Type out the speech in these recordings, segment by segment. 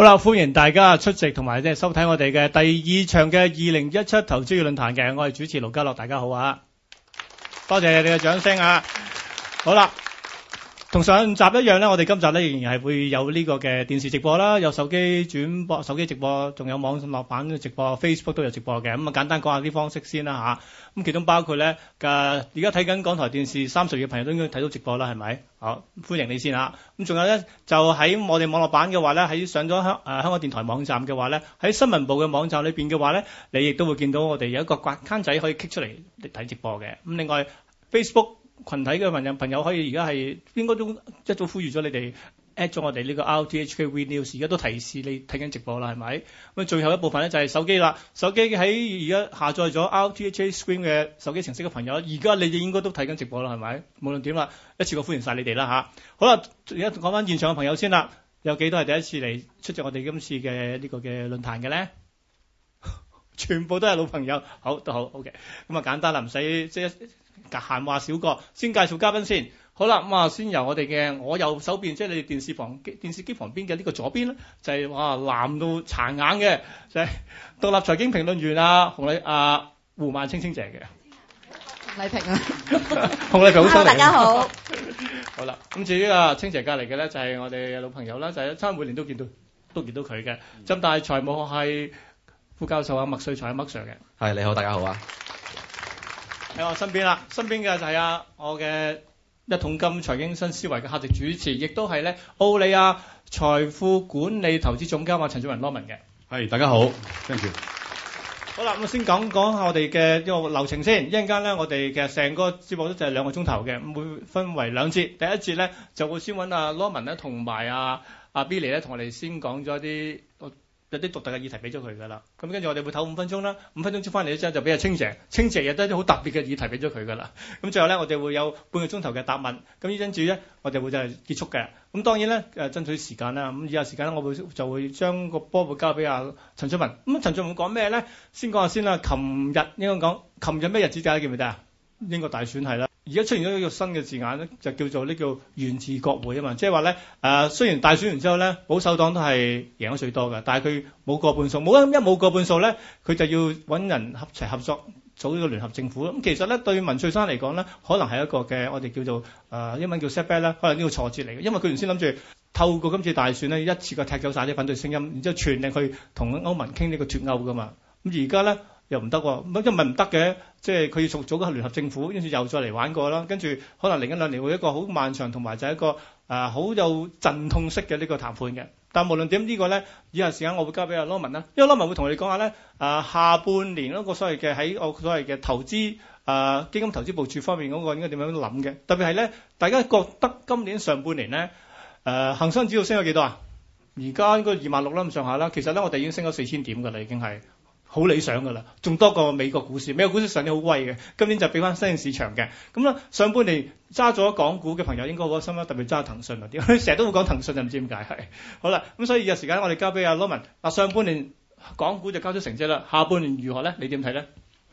好啦，歡迎大家出席同埋即係收睇我哋嘅第二場嘅二零一七投資月論壇嘅，我係主持盧家樂，大家好啊，多謝你嘅掌聲啊，好啦。同上集一樣咧，我哋今集咧仍然係會有呢個嘅電視直播啦，有手機轉播、手機直播，仲有網絡版嘅直播，Facebook 都有直播嘅。咁、嗯、啊，簡單講下啲方式先啦吓，咁、啊、其中包括咧嘅，而家睇緊港台電視，三十一嘅朋友都應該睇到直播啦，係咪？好歡迎你先吓，咁、啊、仲有咧，就喺我哋網絡版嘅話咧，喺上咗香香港電台網站嘅話咧，喺新聞部嘅網站裏邊嘅話咧，你亦都會見到我哋有一個刮坑仔可以 click 出嚟嚟睇直播嘅。咁、啊、另外 Facebook。群體嘅朋友可以而家係應該都一早呼籲咗你哋 at 咗我哋呢個 RTHK Video News 而家都提示你睇緊直播啦係咪咁最後一部分咧就係手機啦手機喺而家下載咗 RTHK Screen 嘅手機程式嘅朋友而家你哋應該都睇緊直播啦係咪無論點啦一次過歡迎晒你哋啦吓，好啦而家講翻現場嘅朋友先啦有幾多係第一次嚟出席我哋今次嘅呢個嘅論壇嘅咧全部都係老朋友好都好 OK 咁啊簡單啦唔使即係。閒話少講，先介紹嘉賓先。好啦，咁啊，先由我哋嘅我右手邊，即係你電視旁電視機旁邊嘅呢個左邊咧，就係話藍到殘眼嘅，就係獨立財經評論員啊，洪麗啊，胡孟青青姐嘅。麗萍啊，洪麗萍好大家 好。好啦，咁至於啊青姐隔離嘅咧，就係我哋老朋友啦，就一餐每年都見到都見到佢嘅。浸大財務學系副教授啊麥萃才喺麥 Sir 嘅。係你好，大家好啊！ 喺我身邊啦，身邊嘅就係啊，我嘅一桶金財經新思維嘅客席主持，亦都係咧奧利亞財富管理投資總監啊陳俊文 Lovin 嘅。係，大家好，張傑謝。好啦，我先講講我哋嘅一個流程先。一陣間咧，我哋嘅成個節目都就係兩個鐘頭嘅，會分為兩節。第一節咧就會先揾阿 l 文咧同埋阿啊 Billy 咧同我哋先講咗啲。有啲獨特嘅議題俾咗佢㗎啦，咁跟住我哋會唞五分鐘啦，五分鐘之後返嚟呢就俾阿清姐，清姐亦都係一啲好特別嘅議題俾咗佢㗎啦，咁最後咧我哋會有半個鐘頭嘅答問，咁呢陣住咧我哋會就係結束嘅，咁當然咧誒爭取時間啦，咁以下時間咧我會就會將個波會交俾阿陳俊文，咁陳俊文講咩咧？先講下先啦，琴日應該講，琴日咩日子㗎？記唔記得啊？英國大選係啦。而家出現咗一個新嘅字眼咧，就叫做呢叫做源自國會啊嘛，即係話咧，雖然大選完之後咧，保守黨都係贏咗最多嘅，但係佢冇過半數，冇一冇過半數咧，佢就要揾人合齊合作組呢個聯合政府。咁其實咧，對文翠珊嚟講咧，可能係一個嘅我哋叫做誒、呃、英文叫 setback 啦，可能呢個挫折嚟嘅，因為佢原先諗住透過今次大選咧，一次過踢走曬啲反對聲音，然之後全力去同歐盟傾呢個脫歐噶嘛，咁而家咧。又唔得喎，咁一唔係唔得嘅，即係佢要續組個聯合政府，跟住又再嚟玩過啦，跟住可能嚟緊兩年會一個好漫長，同埋就係一個誒好、呃、有陣痛式嘅呢個談判嘅。但係無論點，呢個咧，以下時間我會交俾阿羅文啦，因為羅文會同我哋講下咧、呃，下半年嗰、那個所謂嘅喺我所謂嘅投資誒、呃、基金投資部署方面嗰、那個應該點樣諗嘅。特別係咧，大家覺得今年上半年咧，誒、呃、恆生指數升咗幾多啊？而家應該二萬六啦咁上下啦。其實咧，我哋已經升咗四千點㗎啦，已經係。好理想㗎啦，仲多過美國股市。美國股市上年好威嘅，今年就俾翻新興市場嘅咁啦。上半年揸咗港股嘅朋友，應該個心啦，特別揸騰訊啊，點？成日都會講騰訊，就唔知點解係好啦。咁所以有時間我哋交俾阿 Lawman，上半年港股就交出成績啦，下半年如何咧？你點睇咧？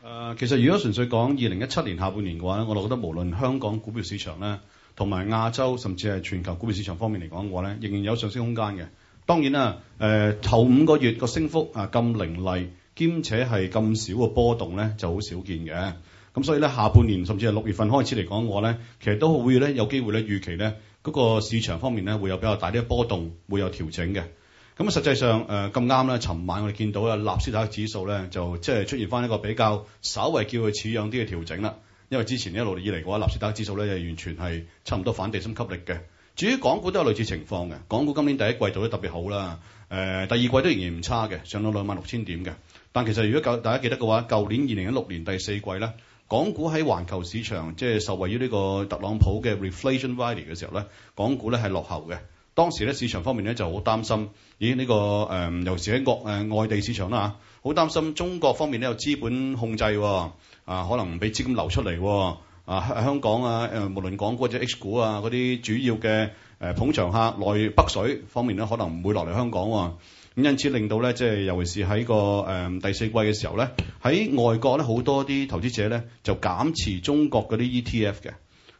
誒，其實如果純粹講二零一七年下半年嘅話咧，我就覺得無論香港股票市場咧，同埋亞洲甚至係全球股票市場方面嚟講嘅話咧，仍然有上升空間嘅。當然啦，頭、呃、五個月個升幅啊咁凌厲。兼且係咁少嘅波動咧，就好少見嘅。咁所以咧，下半年甚至係六月份開始嚟講，我咧其實都會咧有機會咧預期咧嗰、那個市場方面咧會有比較大啲嘅波動，會有調整嘅。咁實際上咁啱咧，尋、呃、晚我哋見到咧納斯達克指數咧就即係出現翻一個比較稍為叫佢似樣啲嘅調整啦。因為之前一路以嚟嘅話，納斯達克指數咧完全係差唔多反地心吸力嘅。至於港股都有類似情況嘅，港股今年第一季做得特別好啦、呃。第二季都仍然唔差嘅，上到兩萬六千點嘅。但其實如果大家記得嘅話，舊年二零一六年第四季咧，港股喺環球市場即係受惠於呢個特朗普嘅 Reflation Rally 嘅時候咧，港股咧係落後嘅。當時咧市場方面咧就好擔心，咦呢、呢個誒、呃、尤其喺國誒外地市場啦嚇，好擔心中國方面咧有資本控制、哦，啊可能唔俾資金流出嚟、哦，啊香港啊誒、啊、無論港股或者 H 股啊嗰啲主要嘅誒捧場客內北水方面咧可能唔會落嚟香港、哦。因此令到咧，即係尤其是喺個誒第四季嘅時候咧，喺外國咧好多啲投資者咧就減持中國嗰啲 ETF 嘅，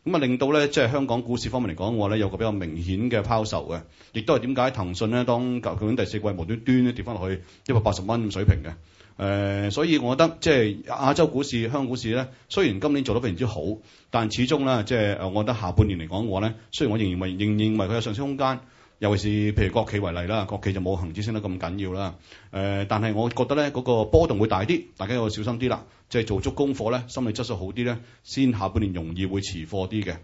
咁啊令到咧即係香港股市方面嚟講，嘅話咧有個比較明顯嘅拋售嘅，亦都係點解騰訊咧當究竟第四季無端端端跌翻落去一百八十蚊咁水平嘅，誒，所以我覺得即係亞洲股市、香港股市咧，雖然今年做得非常之好，但始終咧即係我覺得下半年嚟講，嘅話咧雖然我仍然為仍認為佢有上升空間。尤其是譬如國企為例啦，國企就冇恒指升得咁緊要啦、呃。但係我覺得咧，嗰、那個波動會大啲，大家要小心啲啦。即、就、係、是、做足功課咧，心理質素好啲咧，先下半年容易會持貨啲嘅。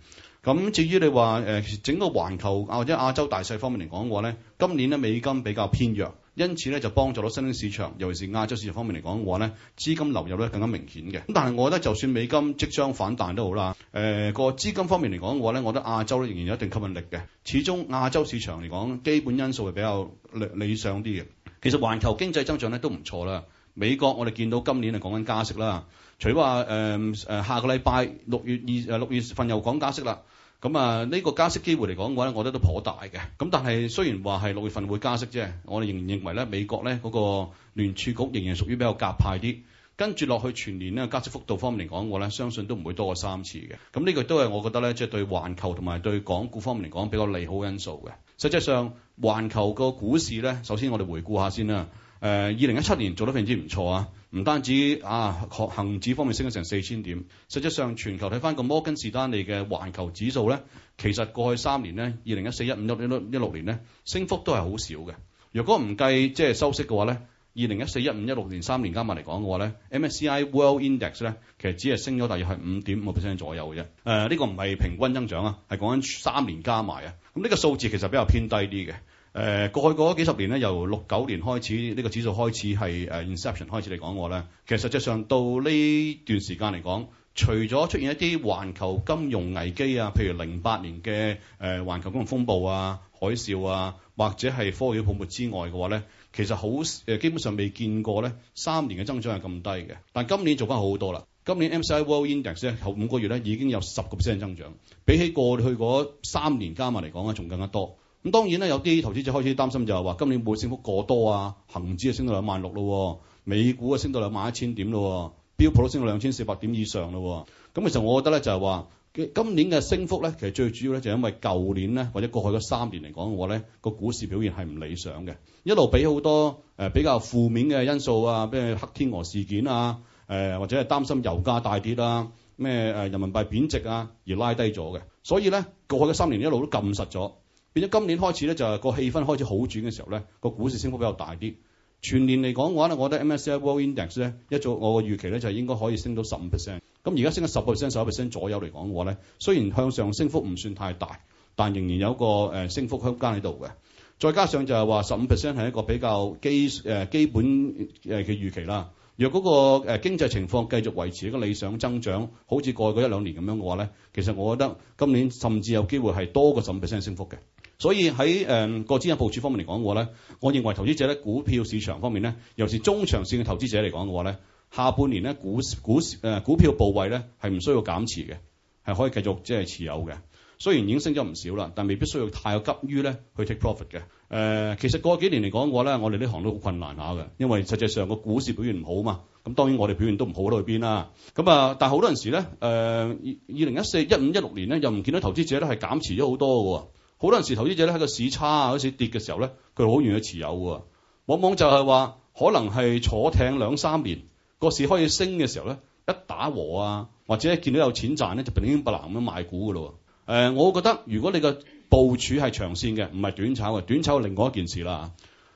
咁至於你話、呃、整個環球或者亞洲大勢方面嚟講嘅話咧，今年咧美金比較偏弱。因此咧就幫助到新興市場，尤其是亞洲市場方面嚟講嘅話咧，資金流入咧更加明顯嘅。咁但係我覺得就算美金即將反彈都好啦。誒、呃、個資金方面嚟講嘅話咧，我覺得亞洲仍然有一定吸引力嘅。始終亞洲市場嚟講，基本因素係比較理理想啲嘅。其實環球經濟增長咧都唔錯啦。美國我哋見到今年係講緊加息啦。除咗話誒下個禮拜六月二誒六月份又講加息啦。咁啊，呢個加息機會嚟講嘅話咧，我覺得都頗大嘅。咁但係雖然話係六月份會加息啫，我哋仍然認為咧，美國咧嗰個聯儲局仍然屬於比較夾派啲。跟住落去全年咧加息幅度方面嚟講，我咧相信都唔會多過三次嘅。咁呢個都係我覺得咧，即係對環球同埋對港股方面嚟講比較利好因素嘅。實際上環球個股市咧，首先我哋回顧下先啦。誒，二零一七年做得非常之唔錯啊！唔單止啊，恒指方面升咗成四千點，實際上全球睇翻個摩根士丹利嘅環球指數咧，其實過去三年咧，二零一四一五一一六年咧，升幅都係好少嘅。如果唔計即係收息嘅話咧，二零一四一五一六年三年加埋嚟講嘅話咧，MSCI World Index 咧，其實只係升咗大約係五點五個 percent 左右嘅啫。呢、呃呢個唔係平均增長啊，係講緊三年加埋啊。咁、這、呢個數字其實比較偏低啲嘅。誒、呃、過去過咗幾十年咧，由六九年開始呢、這個指數開始係、呃、inception 開始嚟講嘅話咧，其實實際上到呢段時間嚟講，除咗出現一啲環球金融危機啊，譬如零八年嘅誒環球金融風暴啊、海嘯啊，或者係科技泡沫之外嘅話咧，其實好、呃、基本上未見過咧三年嘅增長係咁低嘅。但今年做翻好好多啦，今年 MSCI World Index 咧後五個月咧已經有十個 percent 增長，比起過去嗰三年加埋嚟講咧，仲更加多。咁當然啦，有啲投資者開始擔心就係話：今年會升幅過多啊，恒指啊升到兩萬六咯，美股啊升到兩萬一千點咯、啊，標普都升到兩千四百點以上咯、啊。咁其實我覺得咧，就係話今年嘅升幅咧，其實最主要咧就係因為舊年咧或者過去嗰三年嚟講嘅話咧，個股市表現係唔理想嘅，一路俾好多、呃、比較負面嘅因素啊，比如黑天鵝事件啊，呃、或者係擔心油價大跌啊，咩誒、呃、人民幣貶值啊而拉低咗嘅。所以咧，過去嘅三年一路都撳實咗。變咗今年開始咧，就係個氣氛開始好轉嘅時候咧，個股市升幅比較大啲。全年嚟講嘅話咧，我覺得 MSCI World Index 咧，一早我嘅預期咧就係應該可以升到十五 percent。咁而家升咗十 percent、十一 percent 左右嚟講嘅話咧，雖然向上升幅唔算太大，但仍然有個誒升幅空間喺度嘅。再加上就係話十五 percent 係一個比較基誒基本誒嘅預期啦。若嗰個誒經濟情況繼續維持一個理想增長，好似過去嗰一兩年咁樣嘅話咧，其實我覺得今年甚至有機會係多過十五 percent 升幅嘅。所以喺誒個資產部署方面嚟講嘅話咧，我認為投資者咧，股票市場方面咧，尤其是中長線嘅投資者嚟講嘅話咧，下半年咧，股市股誒、呃、股票部位咧係唔需要減持嘅，係可以繼續即係、就是、持有嘅。雖然已經升咗唔少啦，但未必需要太急於咧去 take profit 嘅。誒、呃，其實過幾年嚟講嘅話咧，我哋呢行都好困難下嘅，因為實際上個股市表現唔好嘛。咁當然我哋表現都唔好得去邊啦。咁啊、呃，但係好多陣時咧，誒二二零一四一五一六年咧又唔見到投資者咧係減持咗好多嘅喎。好多陣時，投資者咧喺個市差啊，好似跌嘅時候咧，佢好容易持有喎。往往就係話，可能係坐艇兩三年，個市開始升嘅時候咧，一打和啊，或者見到有錢賺咧，就兵驚不拿咁樣賣股㗎咯。誒、呃，我覺得如果你嘅部署係長線嘅，唔係短炒嘅，短炒係另外一件事啦。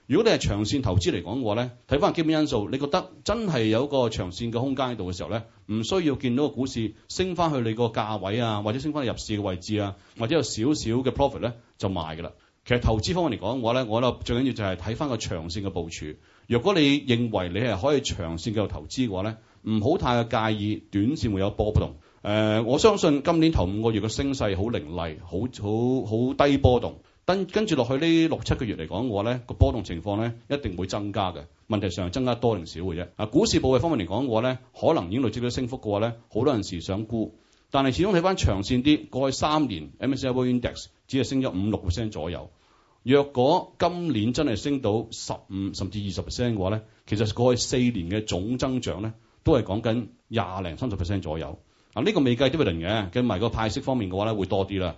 如果你係長線投資嚟講嘅話咧，睇翻基本因素，你覺得真係有個長線嘅空間喺度嘅時候咧，唔需要見到個股市升翻去你個價位啊，或者升翻去入市嘅位置啊，或者有少少嘅 profit 咧就賣㗎啦。其實投資方面嚟講嘅話，我咧我覺得最緊要就係睇翻個長線嘅部署。若果你認為你係可以長線繼續投資嘅話咧，唔好太介意短線會有波動。誒、呃，我相信今年頭五個月嘅升勢好凌厲，好好好低波動。跟跟住落去呢六七個月嚟講，嘅話咧，個波動情況咧一定會增加嘅。問題上增加多定少嘅啫。啊，股市部位方面嚟講，嘅話咧，可能已經累積咗升幅嘅話咧，好多人士想沽。但係始終睇翻長線啲。過去三年 MSCI Index 只係升咗五六個 percent 左右。若果今年真係升到十五甚至二十 percent 嘅話咧，其實過去四年嘅總增長咧都係講緊廿零三十 percent 左右。啊，呢個未計 dividend 嘅，計埋個派息方面嘅話咧會多啲啦。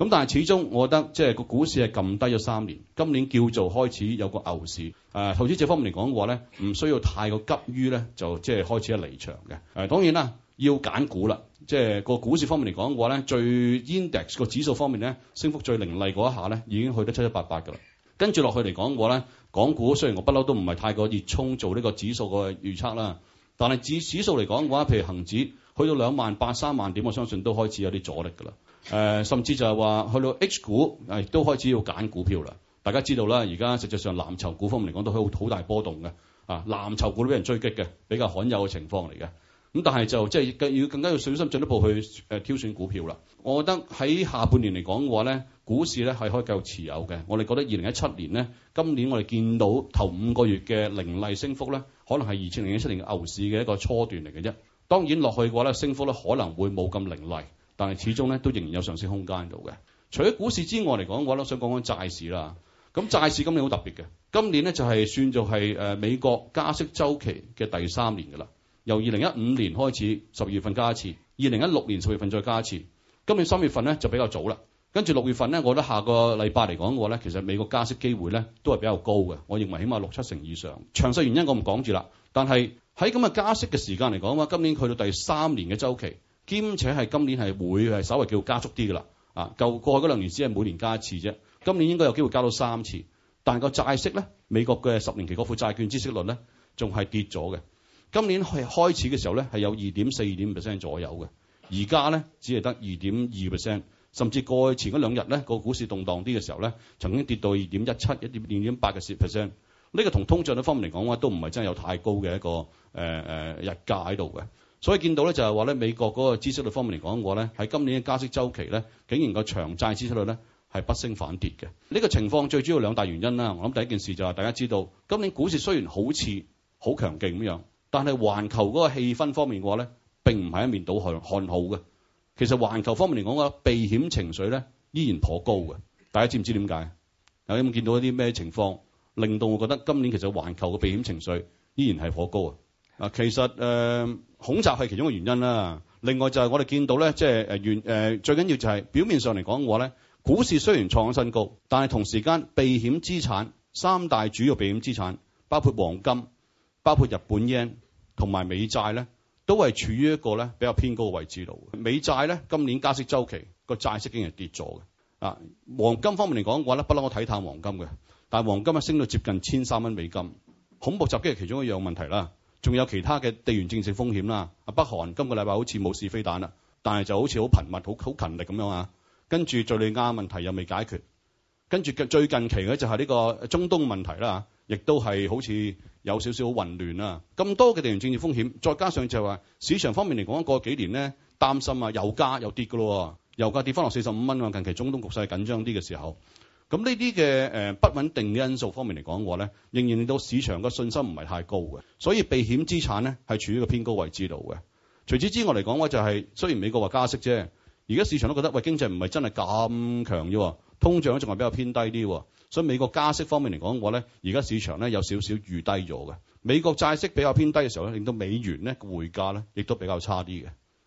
咁但係始終，我覺得即係個股市係撳低咗三年，今年叫做開始有個牛市。呃、投資者方面嚟講嘅話咧，唔需要太過急於咧，就即係開始一離場嘅、呃。當然啦，要揀股啦。即係個股市方面嚟講嘅話咧，最 index 個指數方面咧，升幅最凌厲嗰一下咧，已經去得七七八八㗎啦。跟住落去嚟講嘅話咧，港股雖然我不嬲都唔係太過熱衷做呢個指數個預測啦，但係指指數嚟講嘅話，譬如恒指去到兩萬八三萬點，我相信都開始有啲阻力㗎啦。誒、呃，甚至就係話去到 H 股，誒都開始要揀股票啦。大家知道啦，而家實際上藍籌股方面嚟講，都好好大波動嘅。啊，藍籌股都俾人追擊嘅，比較罕有嘅情況嚟嘅。咁但係就即係、就是、要更加要小心進一步去、呃、挑選股票啦。我覺得喺下半年嚟講嘅話咧，股市咧係可以繼續持有嘅。我哋覺得二零一七年咧，今年我哋見到頭五個月嘅凌厲升幅咧，可能係二千零一七年牛市嘅一個初段嚟嘅啫。當然落去嘅話咧，升幅咧可能會冇咁凌厲。但係始終咧都仍然有上升空間喺度嘅。除咗股市之外嚟講嘅話咧，我想講講債市啦。咁債市今年好特別嘅，今年咧就係、是、算做係、呃、美國加息周期嘅第三年噶啦。由二零一五年開始，十二月份加一次，二零一六年十月份再加一次。今年三月份咧就比較早啦。跟住六月份咧，我覺得下個禮拜嚟講嘅話咧，其實美國加息機會咧都係比較高嘅。我認為起碼六七成以上。詳細原因我唔講住啦。但係喺咁嘅加息嘅時間嚟講啊，今年去到第三年嘅周期。兼且係今年係會係稍微叫加速啲嘅啦，啊，舊過去嗰兩年只係每年加一次啫，今年應該有機會加到三次。但係個債息咧，美國嘅十年期個負債券孳息率咧，仲係跌咗嘅。今年係開始嘅時候咧，係有二點四二點五 percent 左右嘅，而家咧只係得二點二 percent，甚至過去前嗰兩日咧個股市動盪啲嘅時候咧，曾經跌到二點一七、一點二點八嘅 percent。呢、這個同通脹嘅方面嚟講咧，都唔係真係有太高嘅一個誒誒、呃呃、日價喺度嘅。所以見到咧就係話咧美國嗰個孳息率方面嚟講，嘅話咧喺今年嘅加息周期咧，竟然個長債孳息率咧係不升反跌嘅。呢、這個情況最主要兩大原因啦。我諗第一件事就係大家知道，今年股市雖然好似好強勁咁樣，但係環球嗰個氣氛方面嘅話咧，並唔係一面倒向看好嘅。其實環球方面嚟講嘅話，避險情緒咧，依然頗高嘅。大家知唔知點解？有冇見到一啲咩情況令到我覺得今年其實環球嘅避險情緒依然係頗高啊？啊，其實誒、呃、恐襲係其中嘅原因啦。另外就係我哋見到咧，即係原最緊要就係表面上嚟講嘅話咧，股市雖然創新高，但係同時間避險資產，三大主要避險資產，包括黃金、包括日本 yen 同埋美債咧，都係處於一個咧比較偏高嘅位置度。美債咧，今年加息周期個債息竟然跌咗嘅啊！黃金方面嚟講嘅話咧，不嬲我睇淡黃金嘅，但黃金啊升到接近千三蚊美金。恐怖襲擊係其中一樣問題啦。仲有其他嘅地緣政治風險啦，啊北韓今個禮拜好似冇試飛彈啦，但係就好似好頻密、好好勤力咁樣啊。跟住敍利亞問題又未解決，跟住最最近期咧就係呢個中東問題啦，亦都係好似有少少好混亂啊。咁多嘅地緣政治風險，再加上就係話市場方面嚟講，過幾年咧擔心啊，油價又跌㗎咯，油價跌翻落四十五蚊啊，近期中東局勢緊張啲嘅時候。咁呢啲嘅誒不穩定嘅因素方面嚟講嘅話咧，仍然令到市場嘅信心唔係太高嘅，所以避險資產咧係處於個偏高位之度嘅。除此之外嚟講嘅話就係雖然美國話加息啫，而家市場都覺得喂，經濟唔係真係咁強啫，通脹仲係比較偏低啲，所以美國加息方面嚟講嘅話咧，而家市場咧有少少預低咗嘅。美國債息比較偏低嘅時候咧，令到美元咧個匯價咧亦都比較差啲嘅。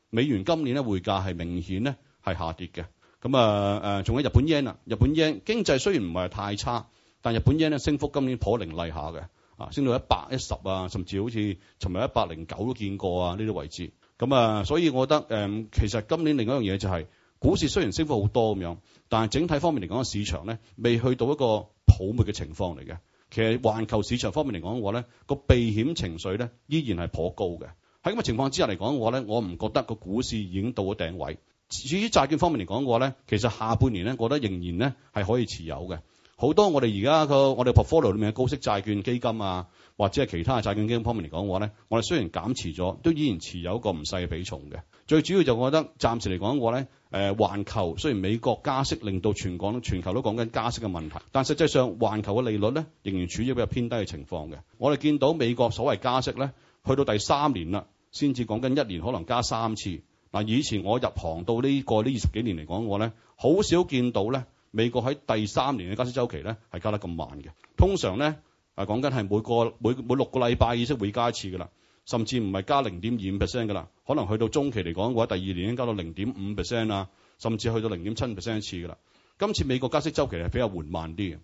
美元今年咧匯價係明顯咧係下跌嘅。咁啊，呃、仲有日本 yen 啊，日本 yen 經濟雖然唔係太差，但日本 yen 呢升幅今年頗凌厲下嘅，啊，升到一百一十啊，甚至好似尋日一百零九都見過啊呢啲位置。咁啊，所以我覺得、呃、其實今年另一樣嘢就係、是、股市雖然升幅好多咁樣，但係整體方面嚟講嘅市場咧，未去到一個泡沫嘅情況嚟嘅。其實環球市場方面嚟講嘅話咧，個避險情緒咧依然係頗高嘅。喺咁嘅情況之下嚟講嘅話咧，我唔覺得個股市已經到咗頂位。至於債券方面嚟講嘅話咧，其實下半年咧，我覺得仍然咧係可以持有嘅。好多我哋而家個我哋 portfolio 裏面嘅高息債券基金啊，或者係其他嘅債券基金方面嚟講嘅話咧，我哋雖然減持咗，都依然持有一個唔細嘅比重嘅。最主要就我覺得暫時嚟講嘅話咧，誒，環球雖然美國加息令到全港全球都講緊加息嘅問題，但實際上環球嘅利率咧仍然處於比較偏低嘅情況嘅。我哋見到美國所謂加息咧，去到第三年啦，先至講緊一年可能加三次。嗱，以前我入行到呢、這個呢二十幾年嚟講，我咧好少見到咧美國喺第三年嘅加息周期咧係加得咁慢嘅。通常咧，啊講緊係每個每每六個禮拜利息會加一次噶啦，甚至唔係加零點二五 percent 噶啦，可能去到中期嚟講嘅話，第二年已經加到零點五 percent 啦，甚至去到零點七 percent 一次噶啦。今次美國加息周期係比較緩慢啲嘅。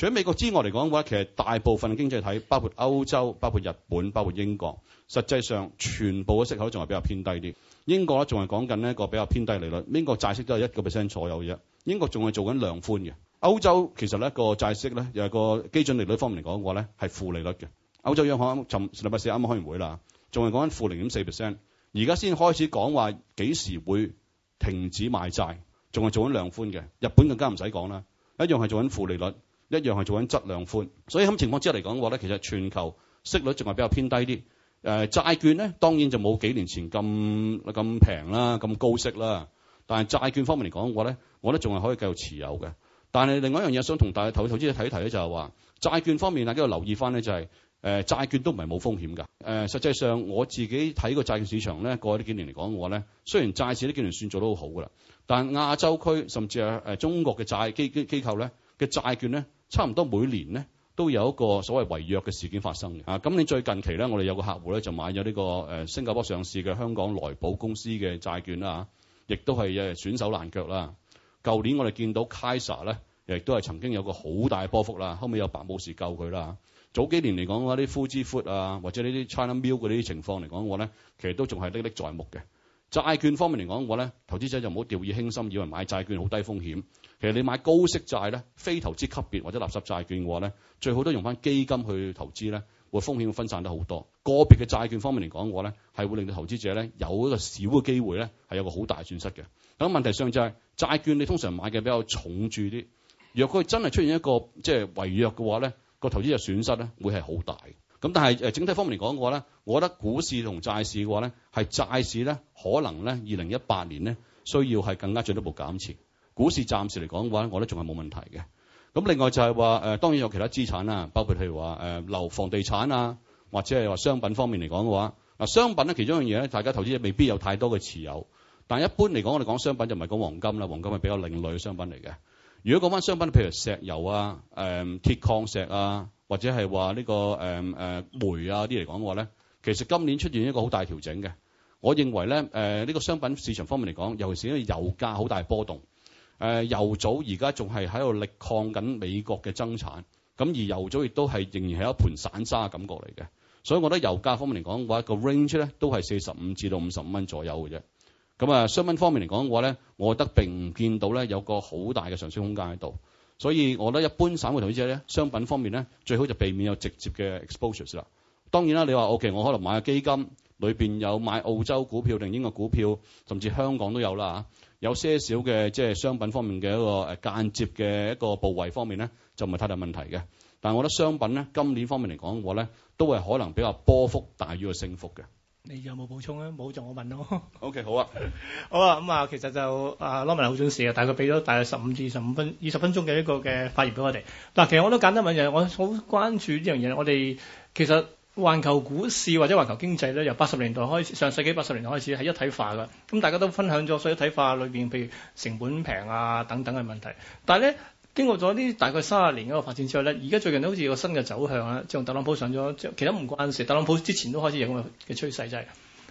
除美國之外嚟講嘅話，其實大部分嘅經濟體，包括歐洲、包括日本、包括英國，實際上全部嘅息口仲係比較偏低啲。英國咧仲係講緊咧一個比較偏低利率，英國債息都係一個 percent 左右嘅啫。英國仲係做緊量寬嘅。歐洲其實咧、這個債息咧又係個基準利率方面嚟講嘅話咧係負利率嘅。歐洲央行尋禮拜四啱啱開完會啦，仲係講緊負零點四 percent，而家先開始講話幾時會停止買債，仲係做緊量寬嘅。日本更加唔使講啦，一樣係做緊負利率。一樣係做緊質量寬，所以咁情況之下嚟講，嘅話咧其實全球息率仲係比較偏低啲。誒、呃、債券咧，當然就冇幾年前咁咁平啦，咁高息啦。但係債券方面嚟講，嘅話咧，我覺得仲係可以繼續持有嘅。但係另外一樣嘢，想同大家投資者睇一提咧，就係話債券方面大家要留意翻咧、就是，就係誒債券都唔係冇風險㗎。誒、呃、實際上我自己睇個債券市場咧，過去呢幾年嚟講，嘅話咧雖然債市呢幾年算做得好好㗎啦，但係亞洲區甚至係誒中國嘅債機機構咧嘅債券咧。差唔多每年咧都有一個所謂違約嘅事件發生嘅啊！咁你最近期咧，我哋有個客戶咧就買咗呢、呢個、呃、新加坡上市嘅香港來寶公司嘅債券啦亦、啊、都係、啊、損手爛腳啦。舊、啊、年我哋見到 Kaisa 咧，亦都係曾經有個好大波幅啦、啊，後尾有白武士救佢啦、啊、早幾年嚟講嘅話，啲 FU JI Food 啊，或者呢啲 China Milk 嗰啲情況嚟講，我咧其實都仲係歷歷在目嘅。債券方面嚟講嘅話咧，投資者就唔好掉以輕心，以為買債券好低風險。其實你買高息債咧，非投資級別或者垃圾債券嘅話咧，最好都用翻基金去投資咧，會風險分散得好多。個別嘅債券方面嚟講嘅話咧，係會令到投資者咧有一個少嘅機會咧，係有個好大損失嘅。咁問題上就係，債券你通常買嘅比較重注啲，若果真係出現一個即係違約嘅話咧，個投資嘅損失咧會係好大。咁但係誒整體方面嚟講嘅話咧，我覺得股市同債市嘅話咧，係債市咧可能咧二零一八年咧需要係更加進一步減持，股市暫時嚟講嘅話，我覺得仲係冇問題嘅。咁另外就係話誒當然有其他資產啦，包括譬如話誒樓、房地產啊，或者係話商品方面嚟講嘅話，嗱商品咧，其中一樣嘢咧，大家投資未必有太多嘅持有，但一般嚟講，我哋講商品就唔係講黃金啦，黃金係比較另類嘅商品嚟嘅。如果講翻商品，譬如石油啊、誒鐵礦石啊。或者係話呢個誒誒煤啊啲嚟講嘅話咧，其實今年出現一個好大調整嘅。我認為咧誒呢個商品市場方面嚟講，尤其是因為油價好大波動。誒油組而家仲係喺度力抗緊美國嘅增產，咁而油組亦都係仍然係一盤散沙嘅感覺嚟嘅。所以我覺得油價方面嚟講嘅話，個 range 咧都係四十五至到五十五蚊左右嘅啫。咁啊，商品方面嚟講嘅話咧，我覺得並唔見到咧有個好大嘅上升空間喺度。所以我覺得一般散戶投資者咧，商品方面咧最好就避免有直接嘅 exposures 啦。當然啦，你話 OK，我可能買個基金，裏面有買澳洲股票定英國股票，甚至香港都有啦吓。有些少嘅即係商品方面嘅一個誒間接嘅一個部位方面咧，就唔係太大問題嘅。但係我覺得商品咧今年方面嚟講嘅話咧，都會可能比較波幅大於個升幅嘅。你有冇補充啊？冇就我問咯。 o、okay, K，好啊，好啊。咁、嗯、啊，其實就阿羅文好準時啊，大概俾咗大概十五至二十五分、二十分鐘嘅一個嘅發言俾我哋。嗱，其實我都簡單問樣，我好關注呢樣嘢。我哋其實環球股市或者環球經濟咧，由八十年代開始，上世紀八十年代開始係一體化噶。咁、嗯、大家都分享咗，所以一體化裏面，譬如成本平啊等等嘅問題，但係咧，經過咗呢大概三十年嗰個發展之後咧，而家最近都好似有個新嘅走向啊！就特朗普上咗，其他唔關事。特朗普之前都開始有一個嘅趨勢，就係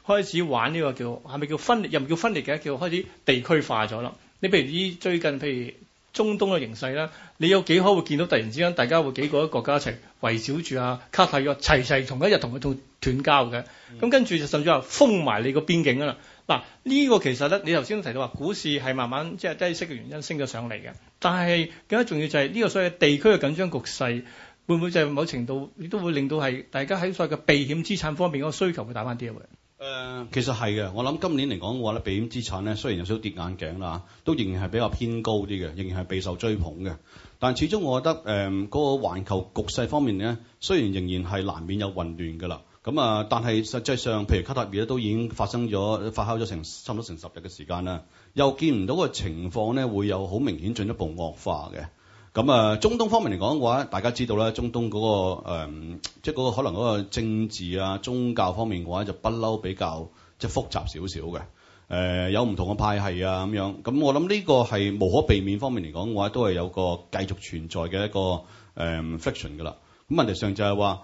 開始玩呢個叫係咪叫分裂？又唔叫分裂嘅，叫開始地區化咗啦。你譬如依最近，譬如中東嘅形勢啦，你有幾可能會見到突然之間，大家會幾個國家一齊圍繞住啊卡塔爾齊齊同一日同佢斷斷交嘅，咁跟住就甚至話封埋你個邊境啦。嗱，呢個其實咧，你頭先提到話股市係慢慢即係低息嘅原因升咗上嚟嘅，但係更加重要就係呢個所謂地區嘅緊張局勢，會唔會就係某程度亦都會令到係大家喺所謂嘅避險資產方面嗰個需求會大返啲啊？會、呃、其實係嘅，我諗今年嚟講嘅話咧，避險資產咧雖然有少少跌眼鏡啦，都仍然係比較偏高啲嘅，仍然係備受追捧嘅。但係始終我覺得誒嗰、呃嗰個環球局勢方面咧，雖然仍然係難免有混亂噶啦。咁啊、嗯，但係實際上，譬如卡塔爾咧，都已經發生咗發酵咗成差唔多成十日嘅時間啦，又見唔到個情況咧，會有好明顯進一步惡化嘅。咁、嗯、啊，中東方面嚟講嘅話，大家知道啦，中東嗰、那個即係嗰個可能嗰個政治啊、宗教方面嘅話，就不嬲比較即係、就是、複雜少少嘅。有唔同嘅派系啊咁樣。咁、嗯、我諗呢個係無可避免方面嚟講嘅話，都係有個繼續存在嘅一個誒 friction 㗎啦。咁、呃嗯、問題上就係話。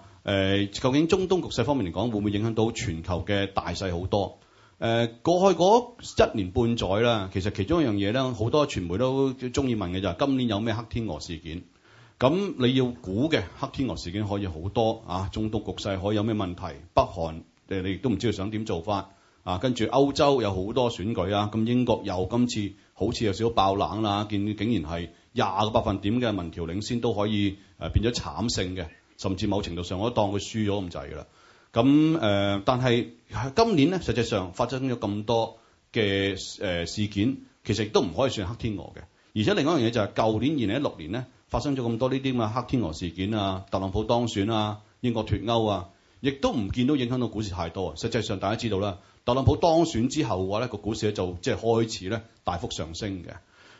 究竟中東局勢方面嚟講，會唔會影響到全球嘅大勢好多？呃，過去嗰一年半載啦，其實其中一樣嘢咧，好多傳媒都中意問嘅就係今年有咩黑天鵝事件？咁你要估嘅黑天鵝事件可以好多啊，中東局勢可以有咩問題？北韓誒，你亦都唔知道想點做法啊？跟住歐洲有好多選舉啊，咁英國又今次好似有少少爆冷啦，見竟然係廿個百分點嘅民調領先都可以誒變咗慘勝嘅。甚至某程度上我都當佢輸咗咁滯㗎啦。咁誒、呃，但係今年咧，實際上發生咗咁多嘅、呃、事件，其實亦都唔可以算黑天鵝嘅。而且另外一樣嘢就係、是，舊年二零一六年咧，發生咗咁多呢啲咁嘅黑天鵝事件啊，特朗普當選啊，英國脫歐啊，亦都唔見到影響到股市太多啊。實際上大家知道啦，特朗普當選之後嘅話咧，個股市咧就即係開始咧大幅上升嘅。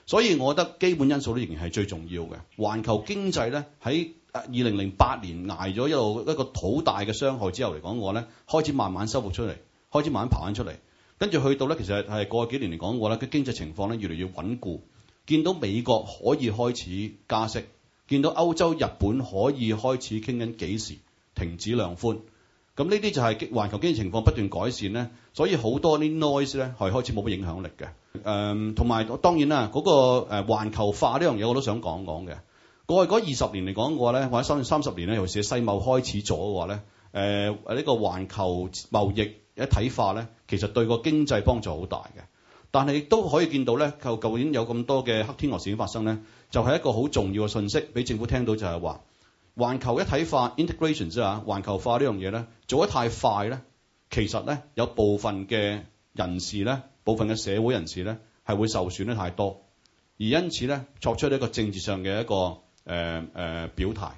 所以我覺得基本因素咧仍然係最重要嘅。環球經濟咧喺二零零八年挨咗一路一個好大嘅傷害之後嚟講，我咧開始慢慢收復出嚟，開始慢慢爬返出嚟。跟住去到咧，其實係過去幾年嚟講，我咧嘅經濟情況咧越嚟越穩固。見到美國可以開始加息，見到歐洲、日本可以開始傾緊幾時停止量寬。咁呢啲就係環球經濟情況不斷改善咧。所以好多啲 noise 咧係開始冇乜影響力嘅。誒、嗯，同埋當然啦，嗰、那個誒環球化呢樣嘢我都想講講嘅。過去嗰二十年嚟講嘅話咧，或者三三十年咧，尤其是世貿開始咗嘅話咧，呢、呃這個環球貿易一體化咧，其實對個經濟幫助好大嘅。但係亦都可以見到咧，就舊年有咁多嘅黑天鵝事件發生咧，就係、是、一個好重要嘅訊息俾政府聽到就，就係話環球一體化 integration 之下，環球化呢樣嘢咧做得太快咧，其實咧有部分嘅人士咧，部分嘅社會人士咧係會受損得太多，而因此咧作出一個政治上嘅一個。誒誒、呃呃、表態，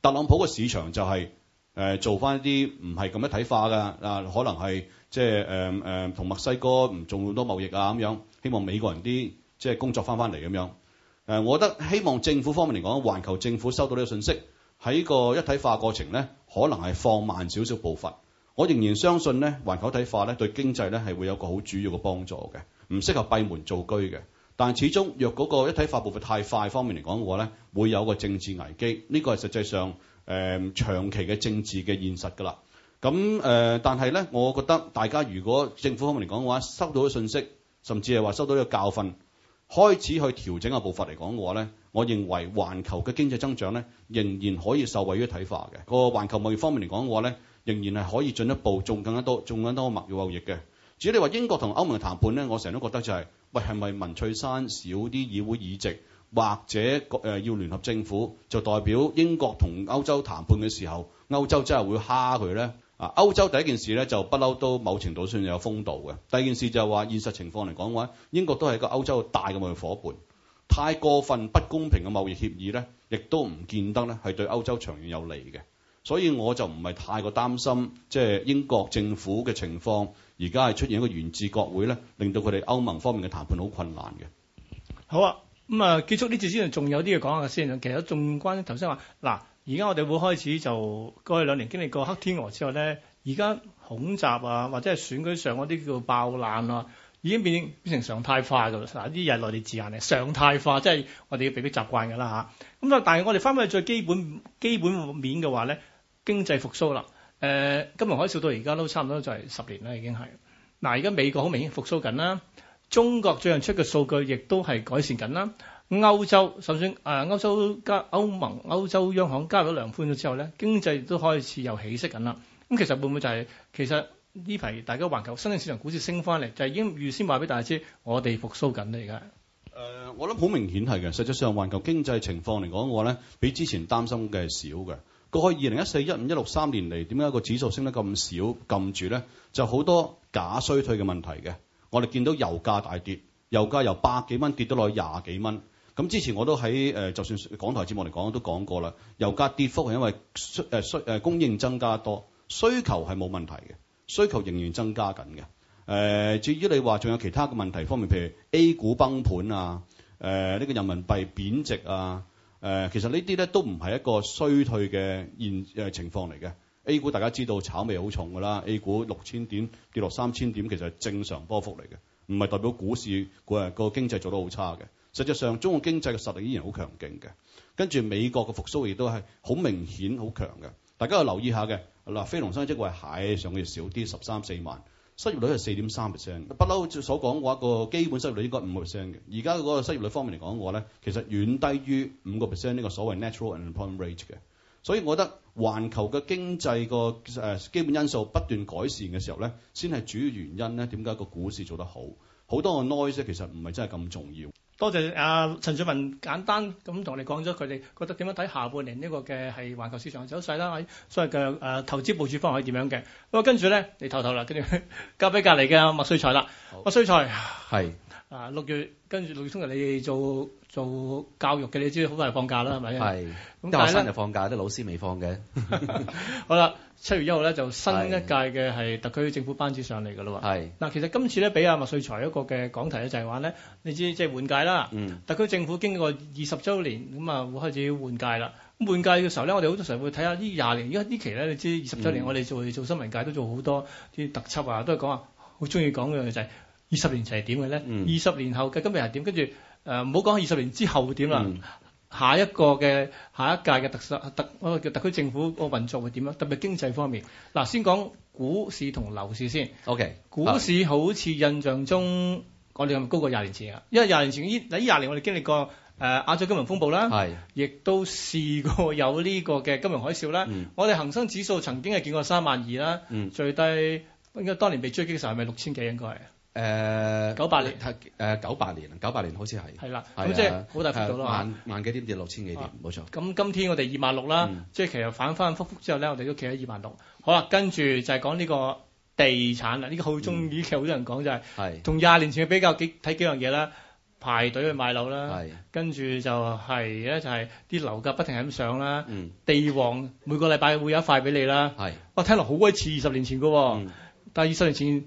特朗普個市場就係、是、誒、呃、做翻一啲唔係咁一體化㗎、呃。可能係即係誒同墨西哥唔做咁多貿易啊咁樣，希望美國人啲即係工作翻翻嚟咁樣。誒、呃，我覺得希望政府方面嚟講，環球政府收到呢個信息，喺個一體化過程咧，可能係放慢少少步伐。我仍然相信咧，環球一體化咧對經濟咧係會有個好主要嘅幫助嘅，唔適合閉門造車嘅。但始終若嗰個一體化步伐太快方面嚟講嘅話咧，會有個政治危機。呢、這個係實際上誒、呃、長期嘅政治嘅現實㗎啦。咁、嗯、誒、呃，但係咧，我覺得大家如果政府方面嚟講嘅話，收到嘅信息，甚至係話收到嘅教訓，開始去調整個步伐嚟講嘅話咧，我認為環球嘅經濟增長咧仍然可以受惠於一體化嘅個環球貿易方面嚟講嘅話咧，仍然係可以進一步種更加多、種更加多嘅貿易貿易嘅。至於你話英國同歐盟嘅談判咧，我成日都覺得就係、是，喂係咪文翠山少啲議會議席，或者、呃、要聯合政府，就代表英國同歐洲談判嘅時候，歐洲真係會蝦佢咧？啊，歐洲第一件事咧就不嬲都某程度上有風度嘅，第二件事就係話現實情況嚟講嘅話，英國都係一個歐洲大嘅貿易夥伴，太過分不公平嘅貿易協議咧，亦都唔見得咧係對歐洲長遠有利嘅。所以我就唔係太過擔心，即係英國政府嘅情況，而家係出現一個懸峙國會咧，令到佢哋歐盟方面嘅談判好困難嘅。好啊，咁啊，結束呢節之前仲有啲嘢講下先。其實縱關頭先話，嗱，而家我哋會開始就過去兩年經歷過黑天鵝之後咧，而家恐襲啊，或者係選舉上嗰啲叫做爆爛啊，已經變成，變成常態化㗎啦。嗱，啲日內地字眼係常態化，即係我哋要被迫習慣㗎啦吓，咁啊，但係我哋翻返去最基本基本面嘅話咧。經濟復甦啦，誒、呃，金融海嘯到而家都差唔多，就係十年啦，已經係。嗱、啊，而家美國好明顯復甦緊啦，中國最近出嘅數據亦都係改善緊啦。歐洲首先誒，歐洲加歐盟、歐洲央行加咗量寬咗之後咧，經濟都開始有起色緊啦。咁、啊、其實會唔會就係、是、其實呢排大家環球、新興市場股市升翻嚟，就係已經預先話俾大家知、呃，我哋復甦緊啦而家。我諗好明顯係嘅，實際上環球經濟情況嚟講嘅話咧，比之前擔心嘅少嘅。過去二零一四、一五、一六三年嚟，點解個指數升得咁少、撳住咧？就好多假衰退嘅問題嘅。我哋見到油價大跌，油價由百幾蚊跌到落去廿幾蚊。咁之前我都喺誒，就算港台節目嚟講都講過啦。油價跌幅係因為誒誒供應增加多，需求係冇問題嘅，需求仍然增加緊嘅。誒，至於你話仲有其他嘅問題方面，譬如 A 股崩盤啊，誒呢個人民幣貶值啊。誒、呃，其實這些呢啲咧都唔係一個衰退嘅現誒、呃、情況嚟嘅。A 股大家知道炒味好重㗎啦，A 股六千點跌落三千點其實係正常波幅嚟嘅，唔係代表股市個個經濟做得好差嘅。實際上，中國經濟嘅實力依然好強勁嘅。跟住美國嘅復甦亦都係好明顯、好強嘅。大家要留意一下嘅嗱，非農新職位係、哎、上月少啲，十三四萬。失業率係四點三 percent，不嬲就所講嘅話個基本失業率應該五個 percent 嘅。而家嗰個失業率方面嚟講嘅話咧，其實遠低於五個 percent 呢個所謂 natural unemployment rate 嘅。所以，我覺得環球嘅經濟個誒基本因素不斷改善嘅時候咧，先係主要原因咧。點解個股市做得好？好多嘅 noise 其實唔係真係咁重要。多謝阿、啊、陳俊文，簡單咁同你哋講咗佢哋覺得點樣睇下半年呢個嘅係環球市場嘅走勢啦，喺所謂嘅誒、啊、投資部署方向係點樣嘅。咁啊，跟住咧你唞唞啦，跟住交俾隔籬嘅麥萃才啦。好麥萃才係。啊！六月跟住六月衝日，你哋做做教育嘅，你知好快放假啦，係咪？係。啲學生就放假，啲老師未放嘅。 好啦，七月一號咧就新一屆嘅係特區政府班子上嚟㗎咯喎。嗱是、啊，其實今次咧俾阿麥萃才一個嘅講題咧就係話咧，你知即係、就是、換屆啦。嗯、特區政府經過二十週年，咁啊會開始換屆啦。咁換屆嘅時候咧，我哋好多時候會睇下呢廿年，而家呢期咧，你知二十週年我們，我哋做做新聞界都做好多啲特輯啊，都係講啊，好中意講嘅就係、是。二十年就係點嘅咧？二十、嗯、年後嘅今日係點？跟住誒，唔好講二十年之後會點啦、嗯。下一個嘅下一屆嘅特特特區政府個運作會點咧？特別係經濟方面。嗱，先講股市同樓市先。O Okay , K. 股市好似印象中是的我哋咁高過廿年前啊，因為廿年前呢，呢廿年我哋經歷過誒、呃、亞洲金融風暴啦，係亦的都試過有呢個嘅金融海嘯啦。嗯、我哋恒生指數曾經係見過三萬二啦、嗯，最低應該當年被追擊嘅時候係咪六千幾？是是多應該係。誒九八年，九八年，九八年好似係係啦，咁即係好大幅度咯，萬萬幾點跌六千幾點，冇錯。咁今天我哋二萬六啦，即係其實反反覆覆之後咧，我哋都企喺二萬六。好啦，跟住就係講呢個地產啦，呢個好中意，其實好多人講就係係同廿年前嘅比較，幾睇幾樣嘢啦，排隊去買樓啦，跟住就係咧就係啲樓價不停係咁上啦，地王每個禮拜會有一塊俾你啦，哇聽落好鬼似二十年前噶，但係二十年前。